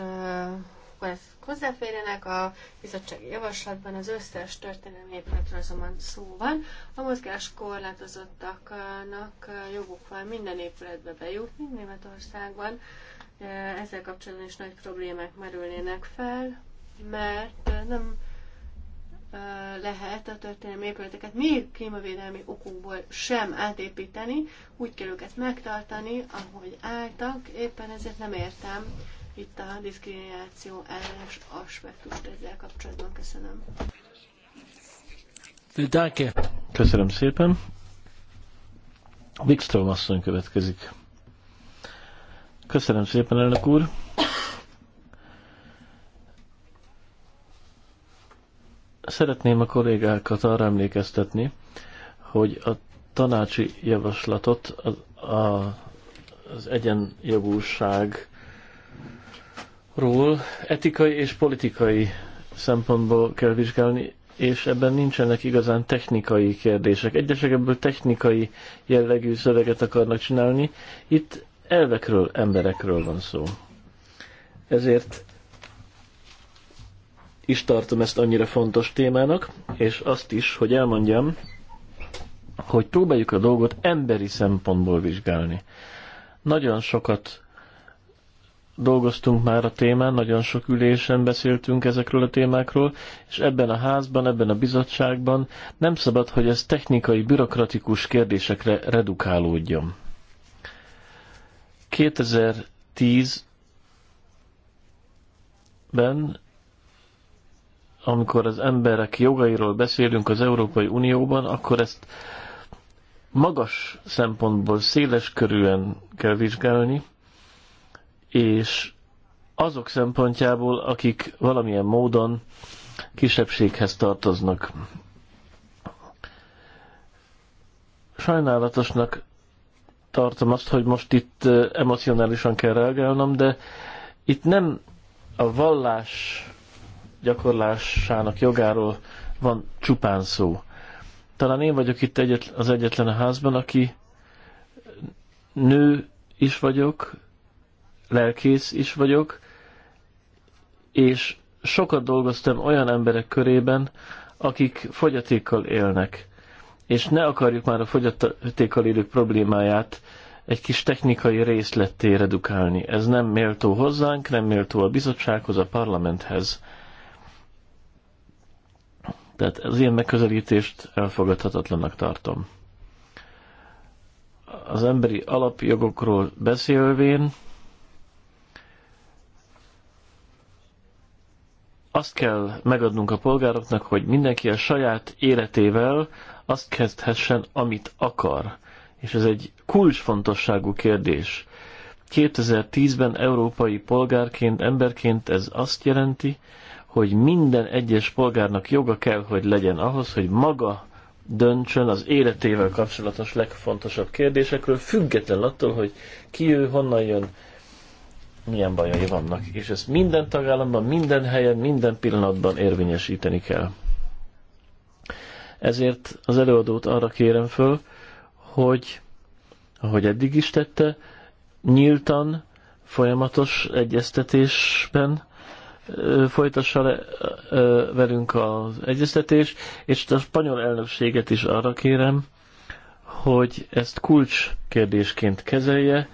akkor hozzáférjenek. A bizottsági javaslatban az összes történelmi épületről azonban szó van. A mozgás korlátozottaknak joguk van minden épületbe bejutni Németországban. Ezzel kapcsolatban is nagy problémák merülnének fel, mert nem lehet a történelmi épületeket még klímavédelmi okokból sem átépíteni, úgy kell őket megtartani, ahogy álltak, éppen ezért nem értem, itt a diszkrimináció ellenes aspektust ezzel kapcsolatban. Köszönöm. Danke. Köszönöm szépen. Wikström asszony következik. Köszönöm szépen, elnök úr. Szeretném a kollégákat arra emlékeztetni, hogy a tanácsi javaslatot az, a, az egyenjogúság ról etikai és politikai szempontból kell vizsgálni, és ebben nincsenek igazán technikai kérdések. Egyesek ebből technikai jellegű szöveget akarnak csinálni. Itt elvekről, emberekről van szó. Ezért is tartom ezt annyira fontos témának, és azt is, hogy elmondjam, hogy próbáljuk a dolgot emberi szempontból vizsgálni. Nagyon sokat dolgoztunk már a témán, nagyon sok ülésen beszéltünk ezekről a témákról, és ebben a házban, ebben a bizottságban nem szabad, hogy ez technikai, bürokratikus kérdésekre redukálódjon. 2010-ben, amikor az emberek jogairól beszélünk az Európai Unióban, akkor ezt magas szempontból széles körűen kell vizsgálni, és azok szempontjából, akik valamilyen módon kisebbséghez tartoznak. Sajnálatosnak tartom azt, hogy most itt emocionálisan kell reagálnom, de itt nem a vallás gyakorlásának jogáról van csupán szó. Talán én vagyok itt egyetlen, az egyetlen a házban, aki nő is vagyok, lelkész is vagyok, és sokat dolgoztam olyan emberek körében, akik fogyatékkal élnek. És ne akarjuk már a fogyatékkal élők problémáját egy kis technikai részletté redukálni. Ez nem méltó hozzánk, nem méltó a bizottsághoz, a parlamenthez. Tehát az ilyen megközelítést elfogadhatatlannak tartom. Az emberi alapjogokról beszélvén, azt kell megadnunk a polgároknak, hogy mindenki a saját életével azt kezdhessen, amit akar. És ez egy kulcsfontosságú kérdés. 2010-ben európai polgárként, emberként ez azt jelenti, hogy minden egyes polgárnak joga kell, hogy legyen ahhoz, hogy maga döntsön az életével kapcsolatos legfontosabb kérdésekről, független attól, hogy ki ő, honnan jön, milyen bajai vannak, és ezt minden tagállamban, minden helyen, minden pillanatban érvényesíteni kell. Ezért az előadót arra kérem föl, hogy, ahogy eddig is tette, nyíltan, folyamatos egyeztetésben folytassa le velünk az egyeztetés, és a spanyol elnökséget is arra kérem, hogy ezt kulcskérdésként kezelje,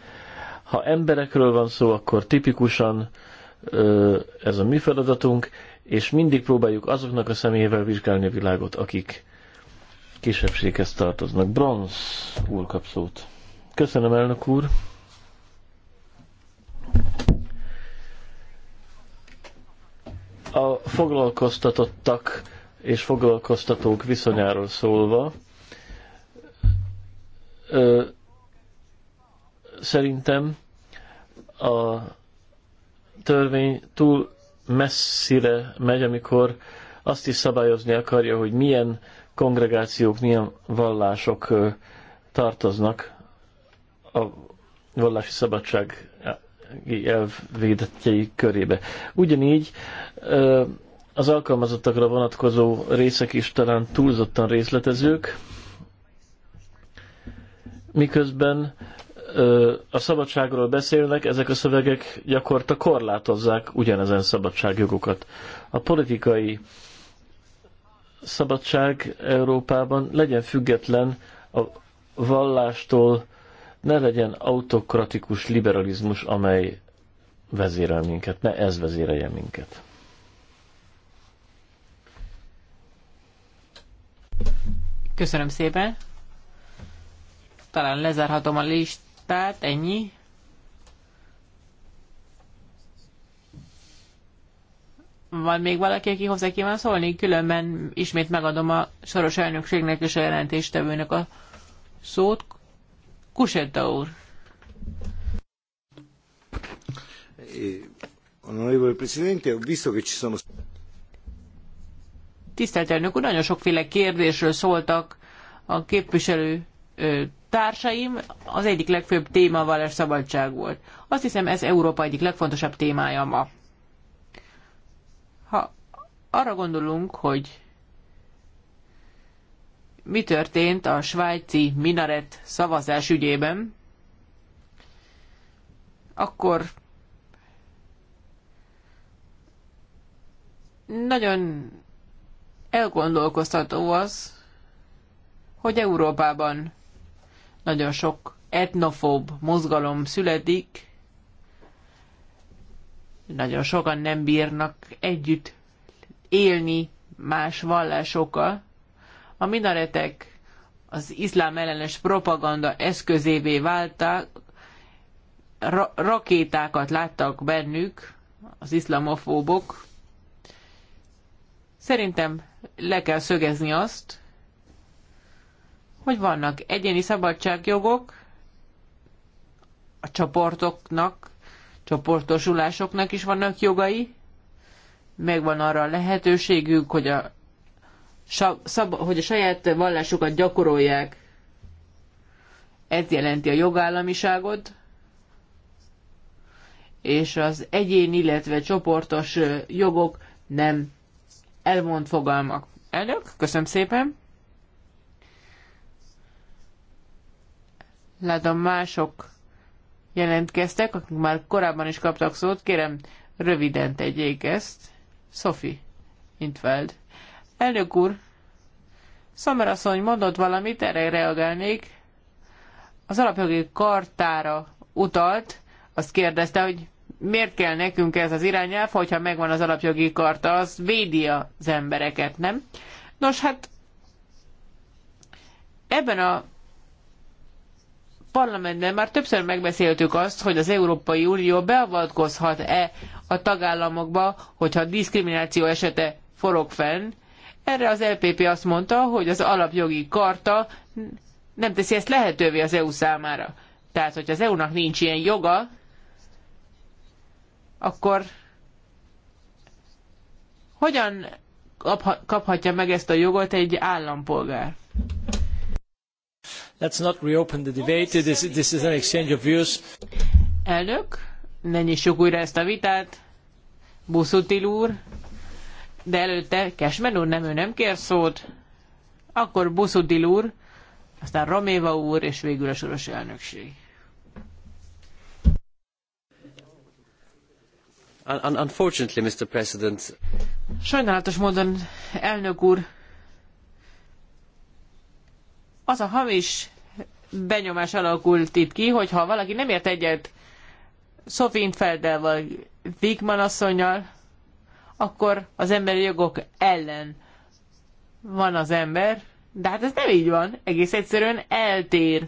ha emberekről van szó, akkor tipikusan ez a mi feladatunk, és mindig próbáljuk azoknak a személyével vizsgálni a világot, akik kisebbséghez tartoznak. Bronz úr kap szót. Köszönöm, elnök úr. A foglalkoztatottak és foglalkoztatók viszonyáról szólva, szerintem a törvény túl messzire megy, amikor azt is szabályozni akarja, hogy milyen kongregációk, milyen vallások tartoznak a vallási szabadság elvédettjei körébe. Ugyanígy az alkalmazottakra vonatkozó részek is talán túlzottan részletezők, miközben a szabadságról beszélnek, ezek a szövegek gyakorta korlátozzák ugyanezen szabadságjogokat. A politikai szabadság Európában legyen független a vallástól, ne legyen autokratikus liberalizmus, amely vezérel minket, ne ez vezérelje minket. Köszönöm szépen. Talán lezárhatom a list, tehát ennyi. Van még valaki, aki hozzá kíván szólni? Különben ismét megadom a soros elnökségnek és a jelentéstevőnek a szót. Kusetta úr. Eh, Tisztelt elnök úr, nagyon sokféle kérdésről szóltak a képviselő társaim, az egyik legfőbb téma a szabadság volt. Azt hiszem, ez Európa egyik legfontosabb témája ma. Ha arra gondolunk, hogy mi történt a svájci minaret szavazás ügyében, akkor nagyon elgondolkoztató az, hogy Európában nagyon sok etnofób mozgalom születik, nagyon sokan nem bírnak együtt élni más vallásokkal. A minaretek az iszlám ellenes propaganda eszközévé váltak, ra- rakétákat láttak bennük az iszlamofóbok. Szerintem le kell szögezni azt, hogy vannak egyéni szabadságjogok a csoportoknak, csoportosulásoknak is vannak jogai, megvan arra a lehetőségük, hogy a, szab, hogy a saját vallásukat gyakorolják. Ez jelenti a jogállamiságot, és az egyén, illetve csoportos jogok nem elmond fogalmak. Elnök, köszönöm szépen! Látom, mások jelentkeztek, akik már korábban is kaptak szót. Kérem, röviden tegyék ezt. Sophie Intveld. Elnök úr, Szamerasszony mondott valamit, erre reagálnék. Az alapjogi kartára utalt, azt kérdezte, hogy miért kell nekünk ez az irányelv, hogyha megvan az alapjogi karta, az védi az embereket, nem? Nos, hát ebben a parlamentben már többször megbeszéltük azt, hogy az Európai Unió beavatkozhat-e a tagállamokba, hogyha a diszkrimináció esete forog fenn. Erre az LPP azt mondta, hogy az alapjogi karta nem teszi ezt lehetővé az EU számára. Tehát, hogy az EU-nak nincs ilyen joga, akkor hogyan kaphatja meg ezt a jogot egy állampolgár? Let's not reopen the debate. This, this is an exchange of views. Elnök, ne nyissuk újra ezt a vitát. Buszutil úr, de előtte Kesmen úr nem, ő nem kér szót. Akkor Buszutil úr, aztán Roméva úr, és végül a soros elnökség. Un unfortunately, Mr. President. Sajnálatos módon, elnök úr, az a hamis benyomás alakult itt ki, hogy ha valaki nem ért egyet Sophie Intfelddel vagy Wigman asszonynal, akkor az emberi jogok ellen van az ember, de hát ez nem így van. Egész egyszerűen eltér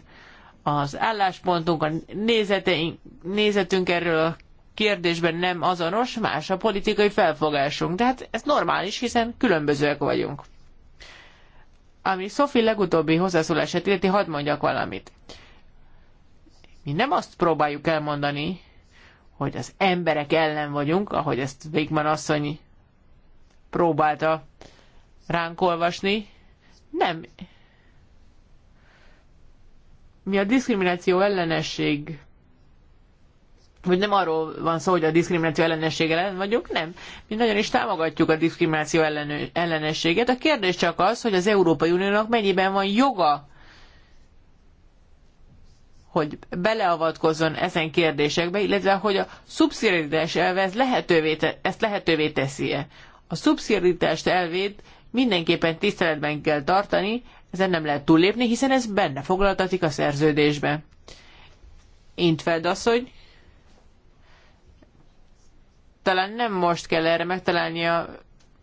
az álláspontunk, a nézeteink, nézetünk erről a kérdésben nem azonos, más a politikai felfogásunk. De hát ez normális, hiszen különbözőek vagyunk. Ami Sophie legutóbbi hozzászólását illeti, hadd mondjak valamit. Mi nem azt próbáljuk elmondani, hogy az emberek ellen vagyunk, ahogy ezt Végman asszony próbálta ránk olvasni. Nem. Mi a diszkrimináció ellenesség hogy nem arról van szó, hogy a diszkrimináció ellenessége ellen vagyunk, nem. Mi nagyon is támogatjuk a diszkrimináció ellenő, ellenességet. A kérdés csak az, hogy az Európai Uniónak mennyiben van joga, hogy beleavatkozzon ezen kérdésekbe, illetve hogy a szubszidiaritás elve ez lehetővé te, ezt lehetővé teszi-e. A szubszidiaritás elvét mindenképpen tiszteletben kell tartani, ezen nem lehet túllépni, hiszen ez benne foglaltatik a szerződésbe. Intfeld asszony, talán nem most kell erre megtalálni a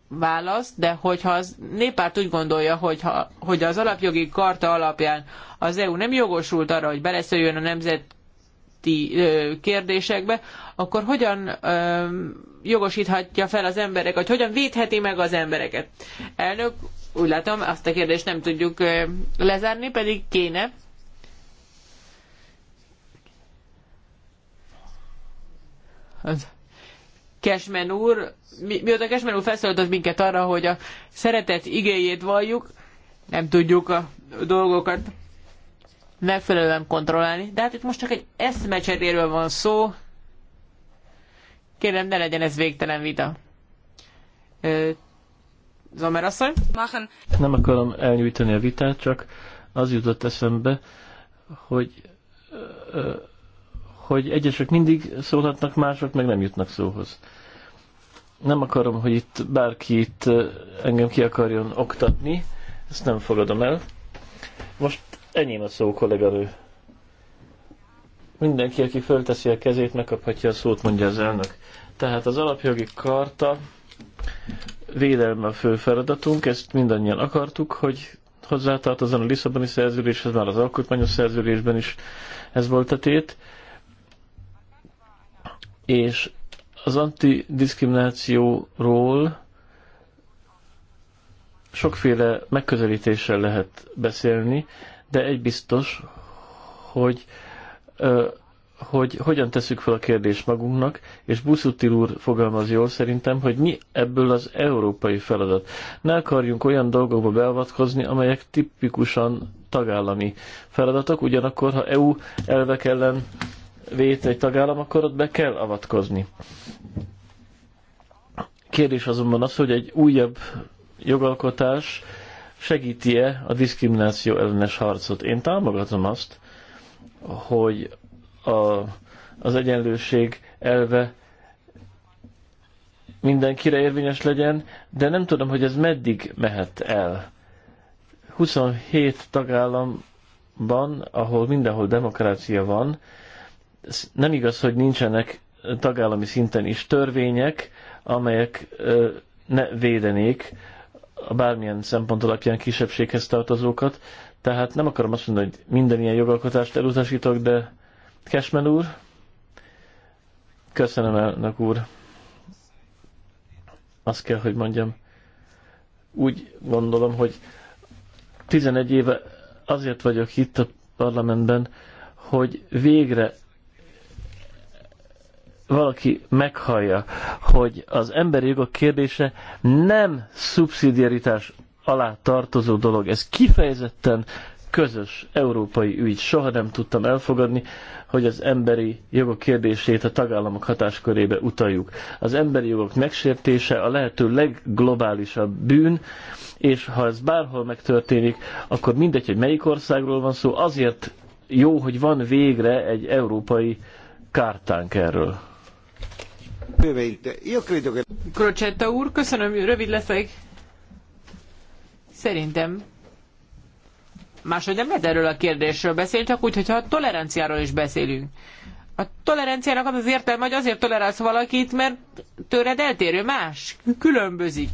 választ, de hogyha az néppárt úgy gondolja, hogy, hogy az alapjogi karta alapján az EU nem jogosult arra, hogy beleszöljön a nemzeti ö, kérdésekbe, akkor hogyan ö, jogosíthatja fel az embereket, hogy hogyan védheti meg az embereket? Elnök, úgy látom, azt a kérdést nem tudjuk ö, lezárni, pedig kéne. Az Kesmen úr, mi, mióta Kesmen úr felszólított minket arra, hogy a szeretet igéjét valljuk, nem tudjuk a dolgokat megfelelően kontrollálni. De hát itt most csak egy eszmecseréről van szó. Kérem, ne legyen ez végtelen vita. Zomer asszony? Nem akarom elnyújtani a vitát, csak az jutott eszembe, hogy hogy egyesek mindig szólhatnak, mások meg nem jutnak szóhoz nem akarom, hogy itt bárki itt engem ki akarjon oktatni, ezt nem fogadom el. Most enyém a szó, kolléganő. Mindenki, aki fölteszi a kezét, megkaphatja a szót, mondja az elnök. Tehát az alapjogi karta védelme a fő feladatunk, ezt mindannyian akartuk, hogy hozzátartozzon a Lisszaboni szerződéshez, már az alkotmányos szerződésben is ez volt a tét. És az antidiskriminációról sokféle megközelítéssel lehet beszélni, de egy biztos, hogy hogy hogyan teszük fel a kérdést magunknak, és Buszutil úr fogalmaz jól szerintem, hogy mi ebből az európai feladat. Ne akarjunk olyan dolgokba beavatkozni, amelyek tipikusan tagállami feladatok, ugyanakkor ha EU elvek ellen vét egy tagállam, akkor ott be kell avatkozni. Kérdés azonban az, hogy egy újabb jogalkotás segíti-e a diszkrimináció ellenes harcot. Én támogatom azt, hogy a, az egyenlőség elve mindenkire érvényes legyen, de nem tudom, hogy ez meddig mehet el. 27 tagállamban, ahol mindenhol demokrácia van, nem igaz, hogy nincsenek tagállami szinten is törvények, amelyek ne védenék a bármilyen szempont alapján kisebbséghez tartozókat. Tehát nem akarom azt mondani, hogy minden ilyen jogalkotást elutasítok, de Kesmen úr, köszönöm elnök úr, azt kell, hogy mondjam, úgy gondolom, hogy 11 éve azért vagyok itt a parlamentben, hogy végre valaki meghallja, hogy az emberi jogok kérdése nem szubszidiaritás alá tartozó dolog. Ez kifejezetten közös európai ügy. Soha nem tudtam elfogadni, hogy az emberi jogok kérdését a tagállamok hatáskörébe utaljuk. Az emberi jogok megsértése a lehető legglobálisabb bűn, és ha ez bárhol megtörténik, akkor mindegy, hogy melyik országról van szó, azért jó, hogy van végre egy európai kártánk erről. Crocetta úr, köszönöm, rövid leszek. Szerintem máshogy nem lehet erről a kérdésről beszélni, csak úgy, hogyha a toleranciáról is beszélünk. A toleranciának az az értelme, hogy azért tolerálsz valakit, mert tőled eltérő más, különbözik.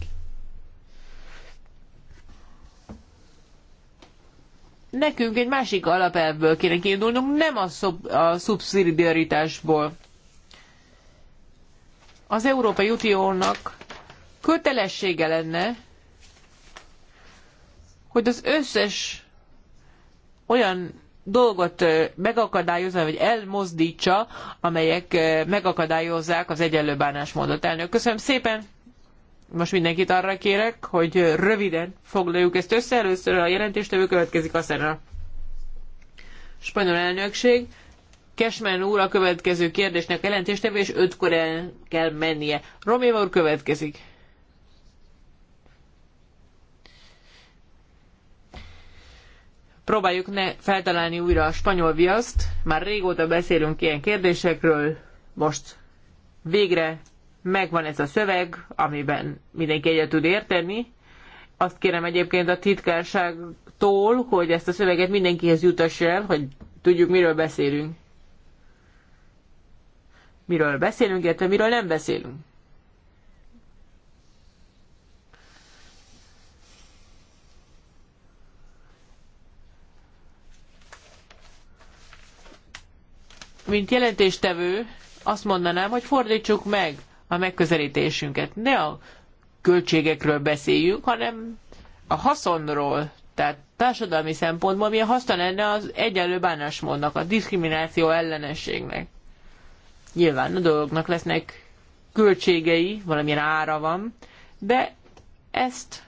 Nekünk egy másik alapelvből kéne kiindulnunk, nem a, szub, a szubszidiaritásból az Európai Uniónak kötelessége lenne, hogy az összes olyan dolgot megakadályozza, vagy elmozdítsa, amelyek megakadályozzák az egyenlő bánásmódot. Elnök, köszönöm szépen! Most mindenkit arra kérek, hogy röviden foglaljuk ezt össze. Először a jelentéstevő következik aztán a spanyol elnökség. Kesmen úr a következő kérdésnek jelentéstevő, és ötkor el kell mennie. Roméva úr következik. Próbáljuk ne feltalálni újra a spanyol viaszt. Már régóta beszélünk ilyen kérdésekről. Most végre megvan ez a szöveg, amiben mindenki egyet tud érteni. Azt kérem egyébként a titkárságtól, hogy ezt a szöveget mindenkihez jutass el, hogy tudjuk, miről beszélünk miről beszélünk, illetve miről nem beszélünk. Mint jelentéstevő azt mondanám, hogy fordítsuk meg a megközelítésünket. Ne a költségekről beszéljünk, hanem a haszonról. Tehát társadalmi szempontból mi a haszna lenne az egyenlő bánásmódnak, a diszkrimináció ellenességnek. Nyilván a dolgoknak lesznek költségei, valamilyen ára van, de ezt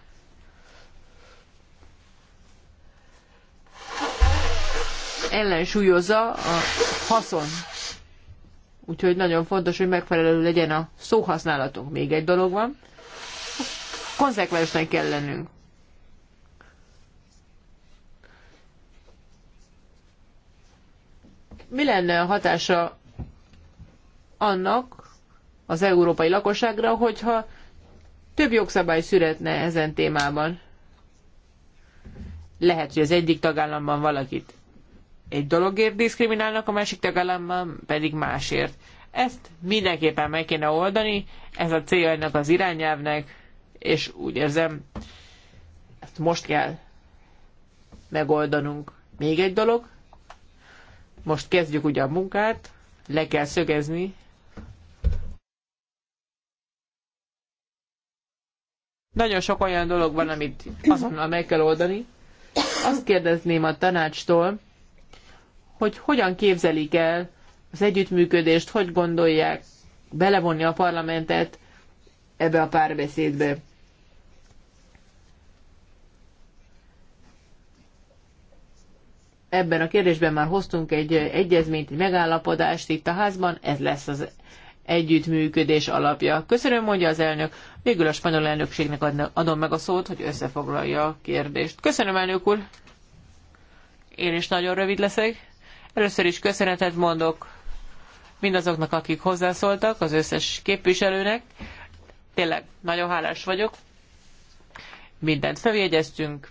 ellensúlyozza a haszon. Úgyhogy nagyon fontos, hogy megfelelő legyen a szóhasználatunk. Még egy dolog van. Konzekvensnek kell lennünk. Mi lenne a hatása annak az európai lakosságra, hogyha több jogszabály születne ezen témában. Lehet, hogy az egyik tagállamban valakit egy dologért diszkriminálnak, a másik tagállamban pedig másért. Ezt mindenképpen meg kéne oldani, ez a célja ennek az irányelvnek, és úgy érzem, ezt most kell megoldanunk. Még egy dolog, most kezdjük ugye a munkát, le kell szögezni, Nagyon sok olyan dolog van, amit azonnal meg kell oldani. Azt kérdezném a tanácstól, hogy hogyan képzelik el az együttműködést, hogy gondolják belevonni a parlamentet ebbe a párbeszédbe. Ebben a kérdésben már hoztunk egy egyezményt, egy megállapodást itt a házban, ez lesz az együttműködés alapja. Köszönöm, mondja az elnök. Végül a spanyol elnökségnek adom meg a szót, hogy összefoglalja a kérdést. Köszönöm, elnök úr. Én is nagyon rövid leszek. Először is köszönetet mondok mindazoknak, akik hozzászóltak, az összes képviselőnek. Tényleg nagyon hálás vagyok. Mindent feljegyeztünk.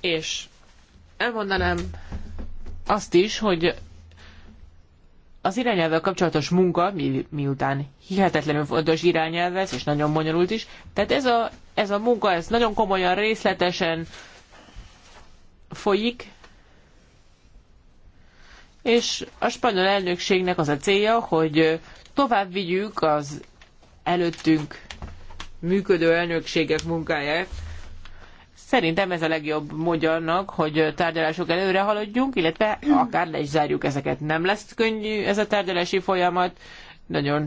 És elmondanám azt is, hogy az irányelvvel kapcsolatos munka, mi, miután hihetetlenül fontos irányelv ez, és nagyon bonyolult is, tehát ez a, ez a munka, ez nagyon komolyan, részletesen folyik, és a spanyol elnökségnek az a célja, hogy tovább vigyük az előttünk működő elnökségek munkáját. Szerintem ez a legjobb módja annak, hogy tárgyalások előre haladjunk, illetve akár le is zárjuk ezeket. Nem lesz könnyű ez a tárgyalási folyamat, nagyon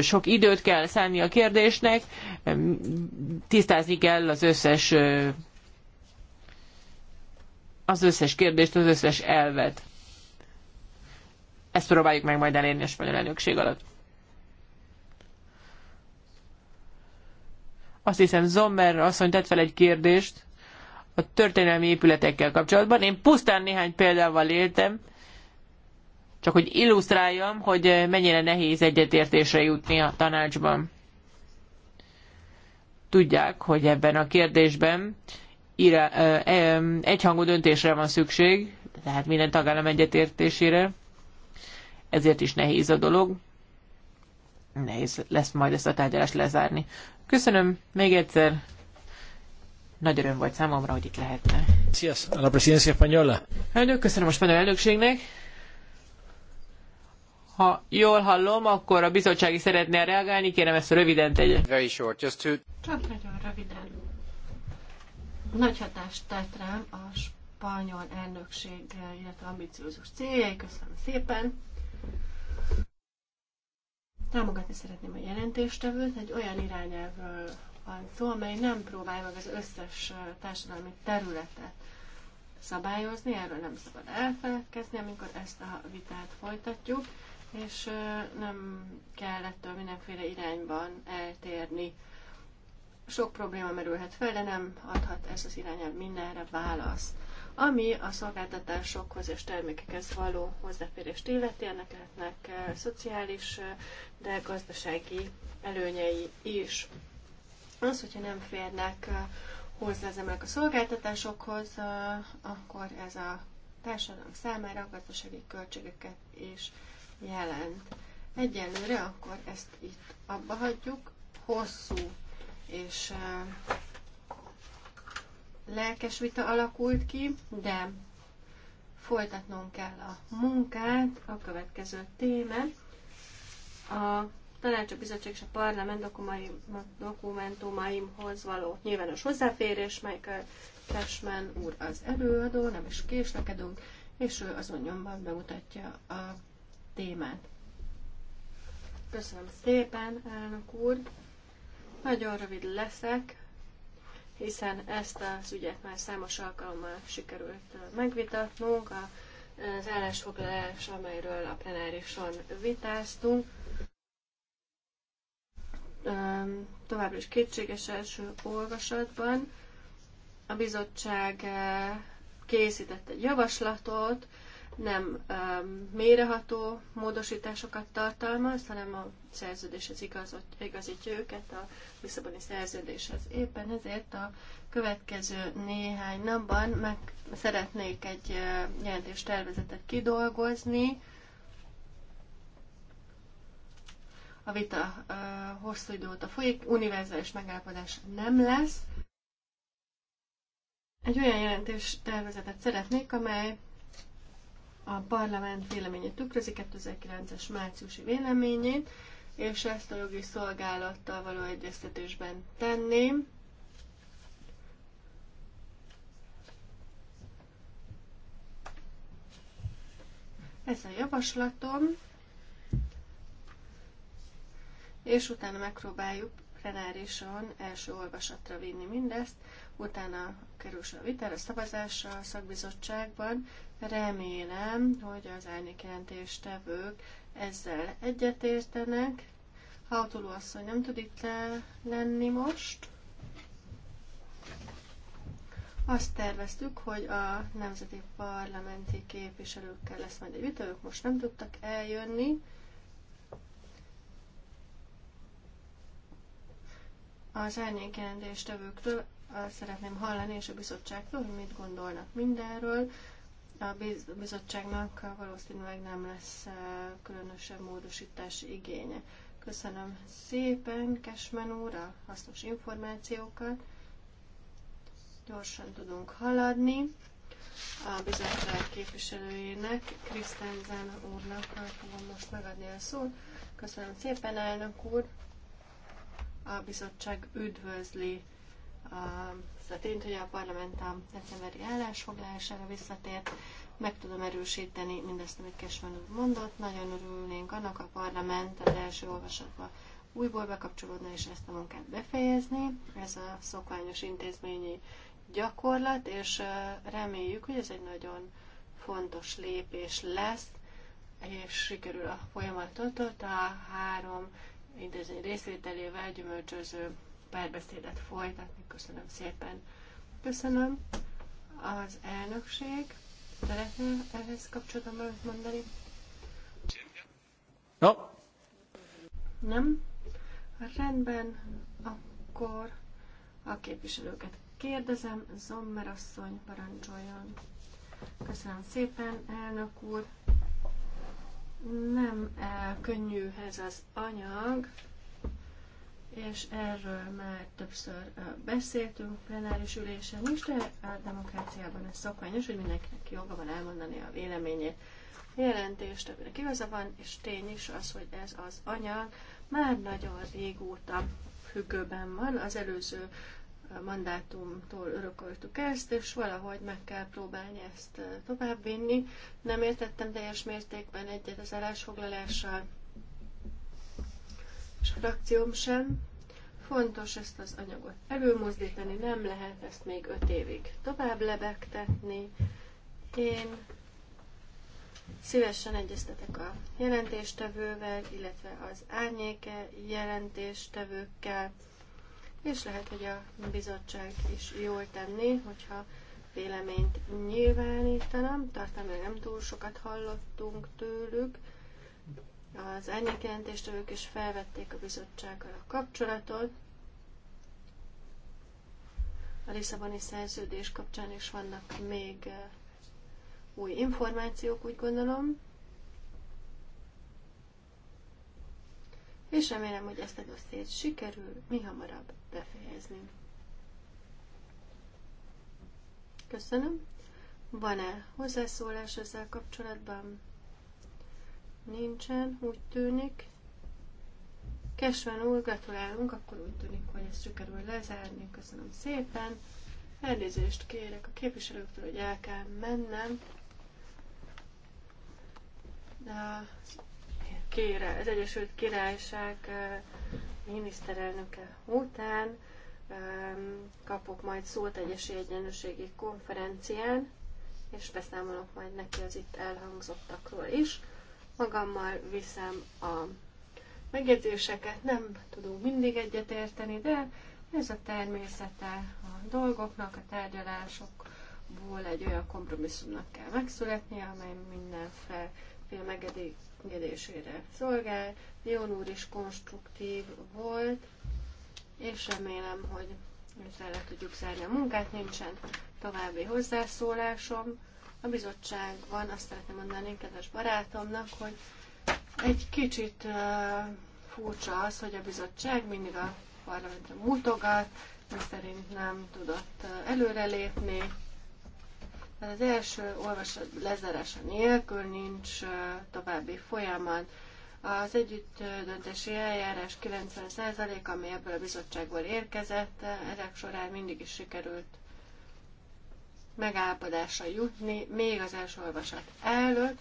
sok időt kell szánni a kérdésnek, tisztázni kell az összes az összes kérdést, az összes elvet. Ezt próbáljuk meg majd elérni a spanyol elnökség alatt. Azt hiszem Zommer asszony tett fel egy kérdést a történelmi épületekkel kapcsolatban. Én pusztán néhány példával éltem, csak hogy illusztráljam, hogy mennyire nehéz egyetértésre jutni a tanácsban. Tudják, hogy ebben a kérdésben egyhangú döntésre van szükség, tehát minden tagállam egyetértésére, ezért is nehéz a dolog nehéz lesz majd ezt a tárgyalást lezárni. Köszönöm még egyszer. Nagy öröm volt számomra, hogy itt lehetne. Sziasz, a la presidencia española. Elnök, köszönöm a spanyol elnökségnek. Ha jól hallom, akkor a bizottsági szeretné reagálni, kérem ezt röviden tegye. Very short, just to... Csak nagyon röviden. Nagy hatást tett rám a spanyol elnökség, illetve ambiciózus céljai. Köszönöm szépen. Támogatni szeretném a jelentéstevőt, egy olyan irányelvről van szó, amely nem próbálja meg az összes társadalmi területet szabályozni, erről nem szabad elfelelkezni, amikor ezt a vitát folytatjuk, és nem kell ettől mindenféle irányban eltérni. Sok probléma merülhet fel, de nem adhat ez az irányelv mindenre választ. Ami a szolgáltatásokhoz és termékekhez való hozzáférést illeti, ennek lehetnek eh, szociális, eh, de gazdasági előnyei is. Az, hogyha nem férnek eh, hozzá az emberek a szolgáltatásokhoz, akkor ez a társadalom számára a gazdasági költségeket is jelent. Egyelőre akkor ezt itt abba hagyjuk, hosszú és lelkes vita alakult ki, de folytatnom kell a munkát. A következő téma a tanács, bizottság és a parlament dokumentumaimhoz való nyilvános hozzáférés, Michael Cashman úr az előadó, nem is késlekedünk, és ő azon nyomban bemutatja a témát. Köszönöm szépen, elnök úr! Nagyon rövid leszek, hiszen ezt az ügyet már számos alkalommal sikerült megvitatnunk. Az állásfoglalás, amelyről a plenárison vitáztunk, továbbra is kétséges első olvasatban. A bizottság készített egy javaslatot, nem um, méreható módosításokat tartalmaz, hanem a szerződéshez igazot, igazítja őket a Lisszaboni szerződéshez. Éppen ezért a következő néhány napban meg szeretnék egy uh, jelentés tervezetet kidolgozni. A vita uh, hosszú idő óta folyik, univerzális megállapodás nem lesz. Egy olyan jelentés tervezetet szeretnék, amely a parlament véleményét tükrözi, 2009-es márciusi véleményét, és ezt a jogi szolgálattal való egyeztetésben tenném. Ez a javaslatom, és utána megpróbáljuk plenárison első olvasatra vinni mindezt, utána kerül a vitára, a szavazásra a szakbizottságban. Remélem, hogy az jelentéstevők ezzel egyetértenek. a asszony nem tud itt lenni most. Azt terveztük, hogy a nemzeti parlamenti képviselőkkel lesz majd egy vita, ők most nem tudtak eljönni. Az jelentéstevőktől azt szeretném hallani, és a bizottságtól, hogy mit gondolnak mindenről. A bizottságnak valószínűleg nem lesz eh, különösebb módosítási igénye. Köszönöm szépen Kesmen úr a hasznos információkat. Gyorsan tudunk haladni. A bizottság képviselőjének, Krisztenzen úrnak fogom most megadni a szót. Köszönöm szépen, elnök úr. A bizottság üdvözli az a tényt, hogy a parlament a decemberi állásfoglalására visszatért, meg tudom erősíteni mindezt, amit Kesman úr mondott. Nagyon örülnénk annak a parlament az első olvasatba újból bekapcsolódna és ezt a munkát befejezni. Ez a szokványos intézményi gyakorlat, és reméljük, hogy ez egy nagyon fontos lépés lesz, és sikerül a folyamatot a három intézmény részvételével gyümölcsöző párbeszédet folytatni. Köszönöm szépen. Köszönöm. Az elnökség szeretne ehhez kapcsolatban valamit mondani? No. Nem? Rendben, akkor a képviselőket kérdezem. Zommer asszony, parancsoljon. Köszönöm szépen, elnök úr. Nem eh, könnyű ez az anyag és erről már többször beszéltünk plenáris ülésen is, de a demokráciában ez szokványos, hogy mindenkinek joga van elmondani a véleményét. A jelentést többnek igaza van, és tény is az, hogy ez az anyag már nagyon régóta függőben van. Az előző mandátumtól örököltük ezt, és valahogy meg kell próbálni ezt továbbvinni. Nem értettem teljes mértékben egyet az állásfoglalással, és frakcióm sem. Fontos ezt az anyagot előmozdítani, nem lehet ezt még öt évig tovább lebegtetni. Én Szívesen egyeztetek a jelentéstevővel, illetve az árnyéke jelentéstevőkkel, és lehet, hogy a bizottság is jól tenni, hogyha véleményt nyilvánítanám. Tartalmilag nem túl sokat hallottunk tőlük, az ők is felvették a bizottsággal a kapcsolatot. A Lisszaboni szerződés kapcsán is vannak még új információk, úgy gondolom. És remélem, hogy ezt a dossziét sikerül mi hamarabb befejezni. Köszönöm. Van-e hozzászólás ezzel kapcsolatban? nincsen, úgy tűnik. Kesven úr, gratulálunk, akkor úgy tűnik, hogy ezt sikerül lezárni. Köszönöm szépen. Elnézést kérek a képviselőktől, hogy el kell mennem. De kére, az Egyesült Királyság miniszterelnöke után kapok majd szót egy esélyegyenlőségi konferencián, és beszámolok majd neki az itt elhangzottakról is magammal viszem a megjegyzéseket, nem tudunk mindig egyetérteni, de ez a természete a dolgoknak, a tárgyalásokból egy olyan kompromisszumnak kell megszületni, amely mindenféle megedésére szolgál. Jón úr is konstruktív volt, és remélem, hogy ezzel le tudjuk zárni a munkát, nincsen további hozzászólásom a bizottságban azt szeretném mondani kedves barátomnak, hogy egy kicsit furcsa az, hogy a bizottság mindig a parlamentre mutogat, mi szerint nem tudott előrelépni. Tehát az első olvasat lezárása nélkül nincs további folyamat. Az együtt döntési eljárás 90%, ami ebből a bizottságból érkezett, ezek során mindig is sikerült megállapodásra jutni, még az első olvasat előtt.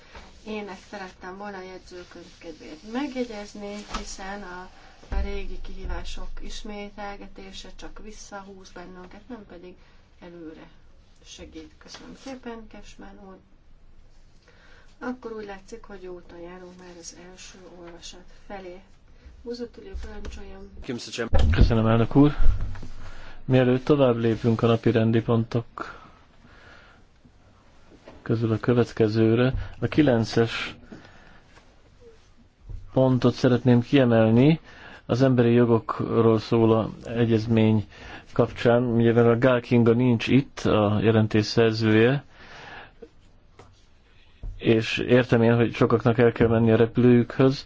Én ezt szerettem volna a jegyzőkönyv kedvéért megjegyezni, hiszen a, a régi kihívások ismételgetése csak visszahúz bennünket, nem pedig előre segít. Köszönöm szépen, Kesmán úr. Akkor úgy látszik, hogy jó úton járunk már az első olvasat felé. Buzotülő parancsoljam. Köszönöm, elnök úr. Mielőtt tovább lépünk a napi rendi pontok közül a következőre. A kilences pontot szeretném kiemelni az emberi jogokról szóló egyezmény kapcsán, mivel a Gálkinga nincs itt, a jelentés szerzője, és értem én, hogy sokaknak el kell menni a repülőjükhöz,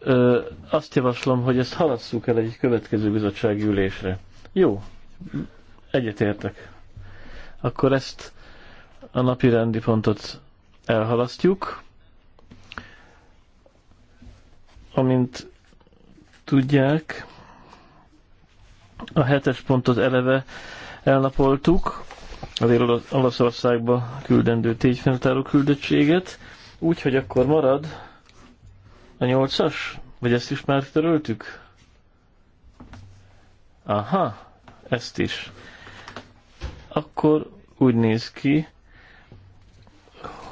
Ö, azt javaslom, hogy ezt halasszuk el egy következő bizottsági ülésre. Jó, egyetértek. Akkor ezt a napi rendi pontot elhalasztjuk. Amint tudják, a hetes pontot eleve elnapoltuk, az Olaszországba küldendő tégyfenetáró küldöttséget, úgyhogy akkor marad a nyolcas, vagy ezt is már töröltük? Aha, ezt is. Akkor úgy néz ki,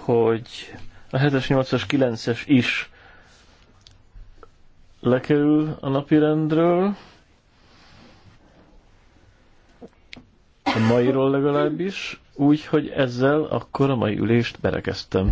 hogy a 7-es, 8-as, 9-es is lekerül a napi rendről. a mairól legalábbis, úgyhogy ezzel akkor a mai ülést berekeztem.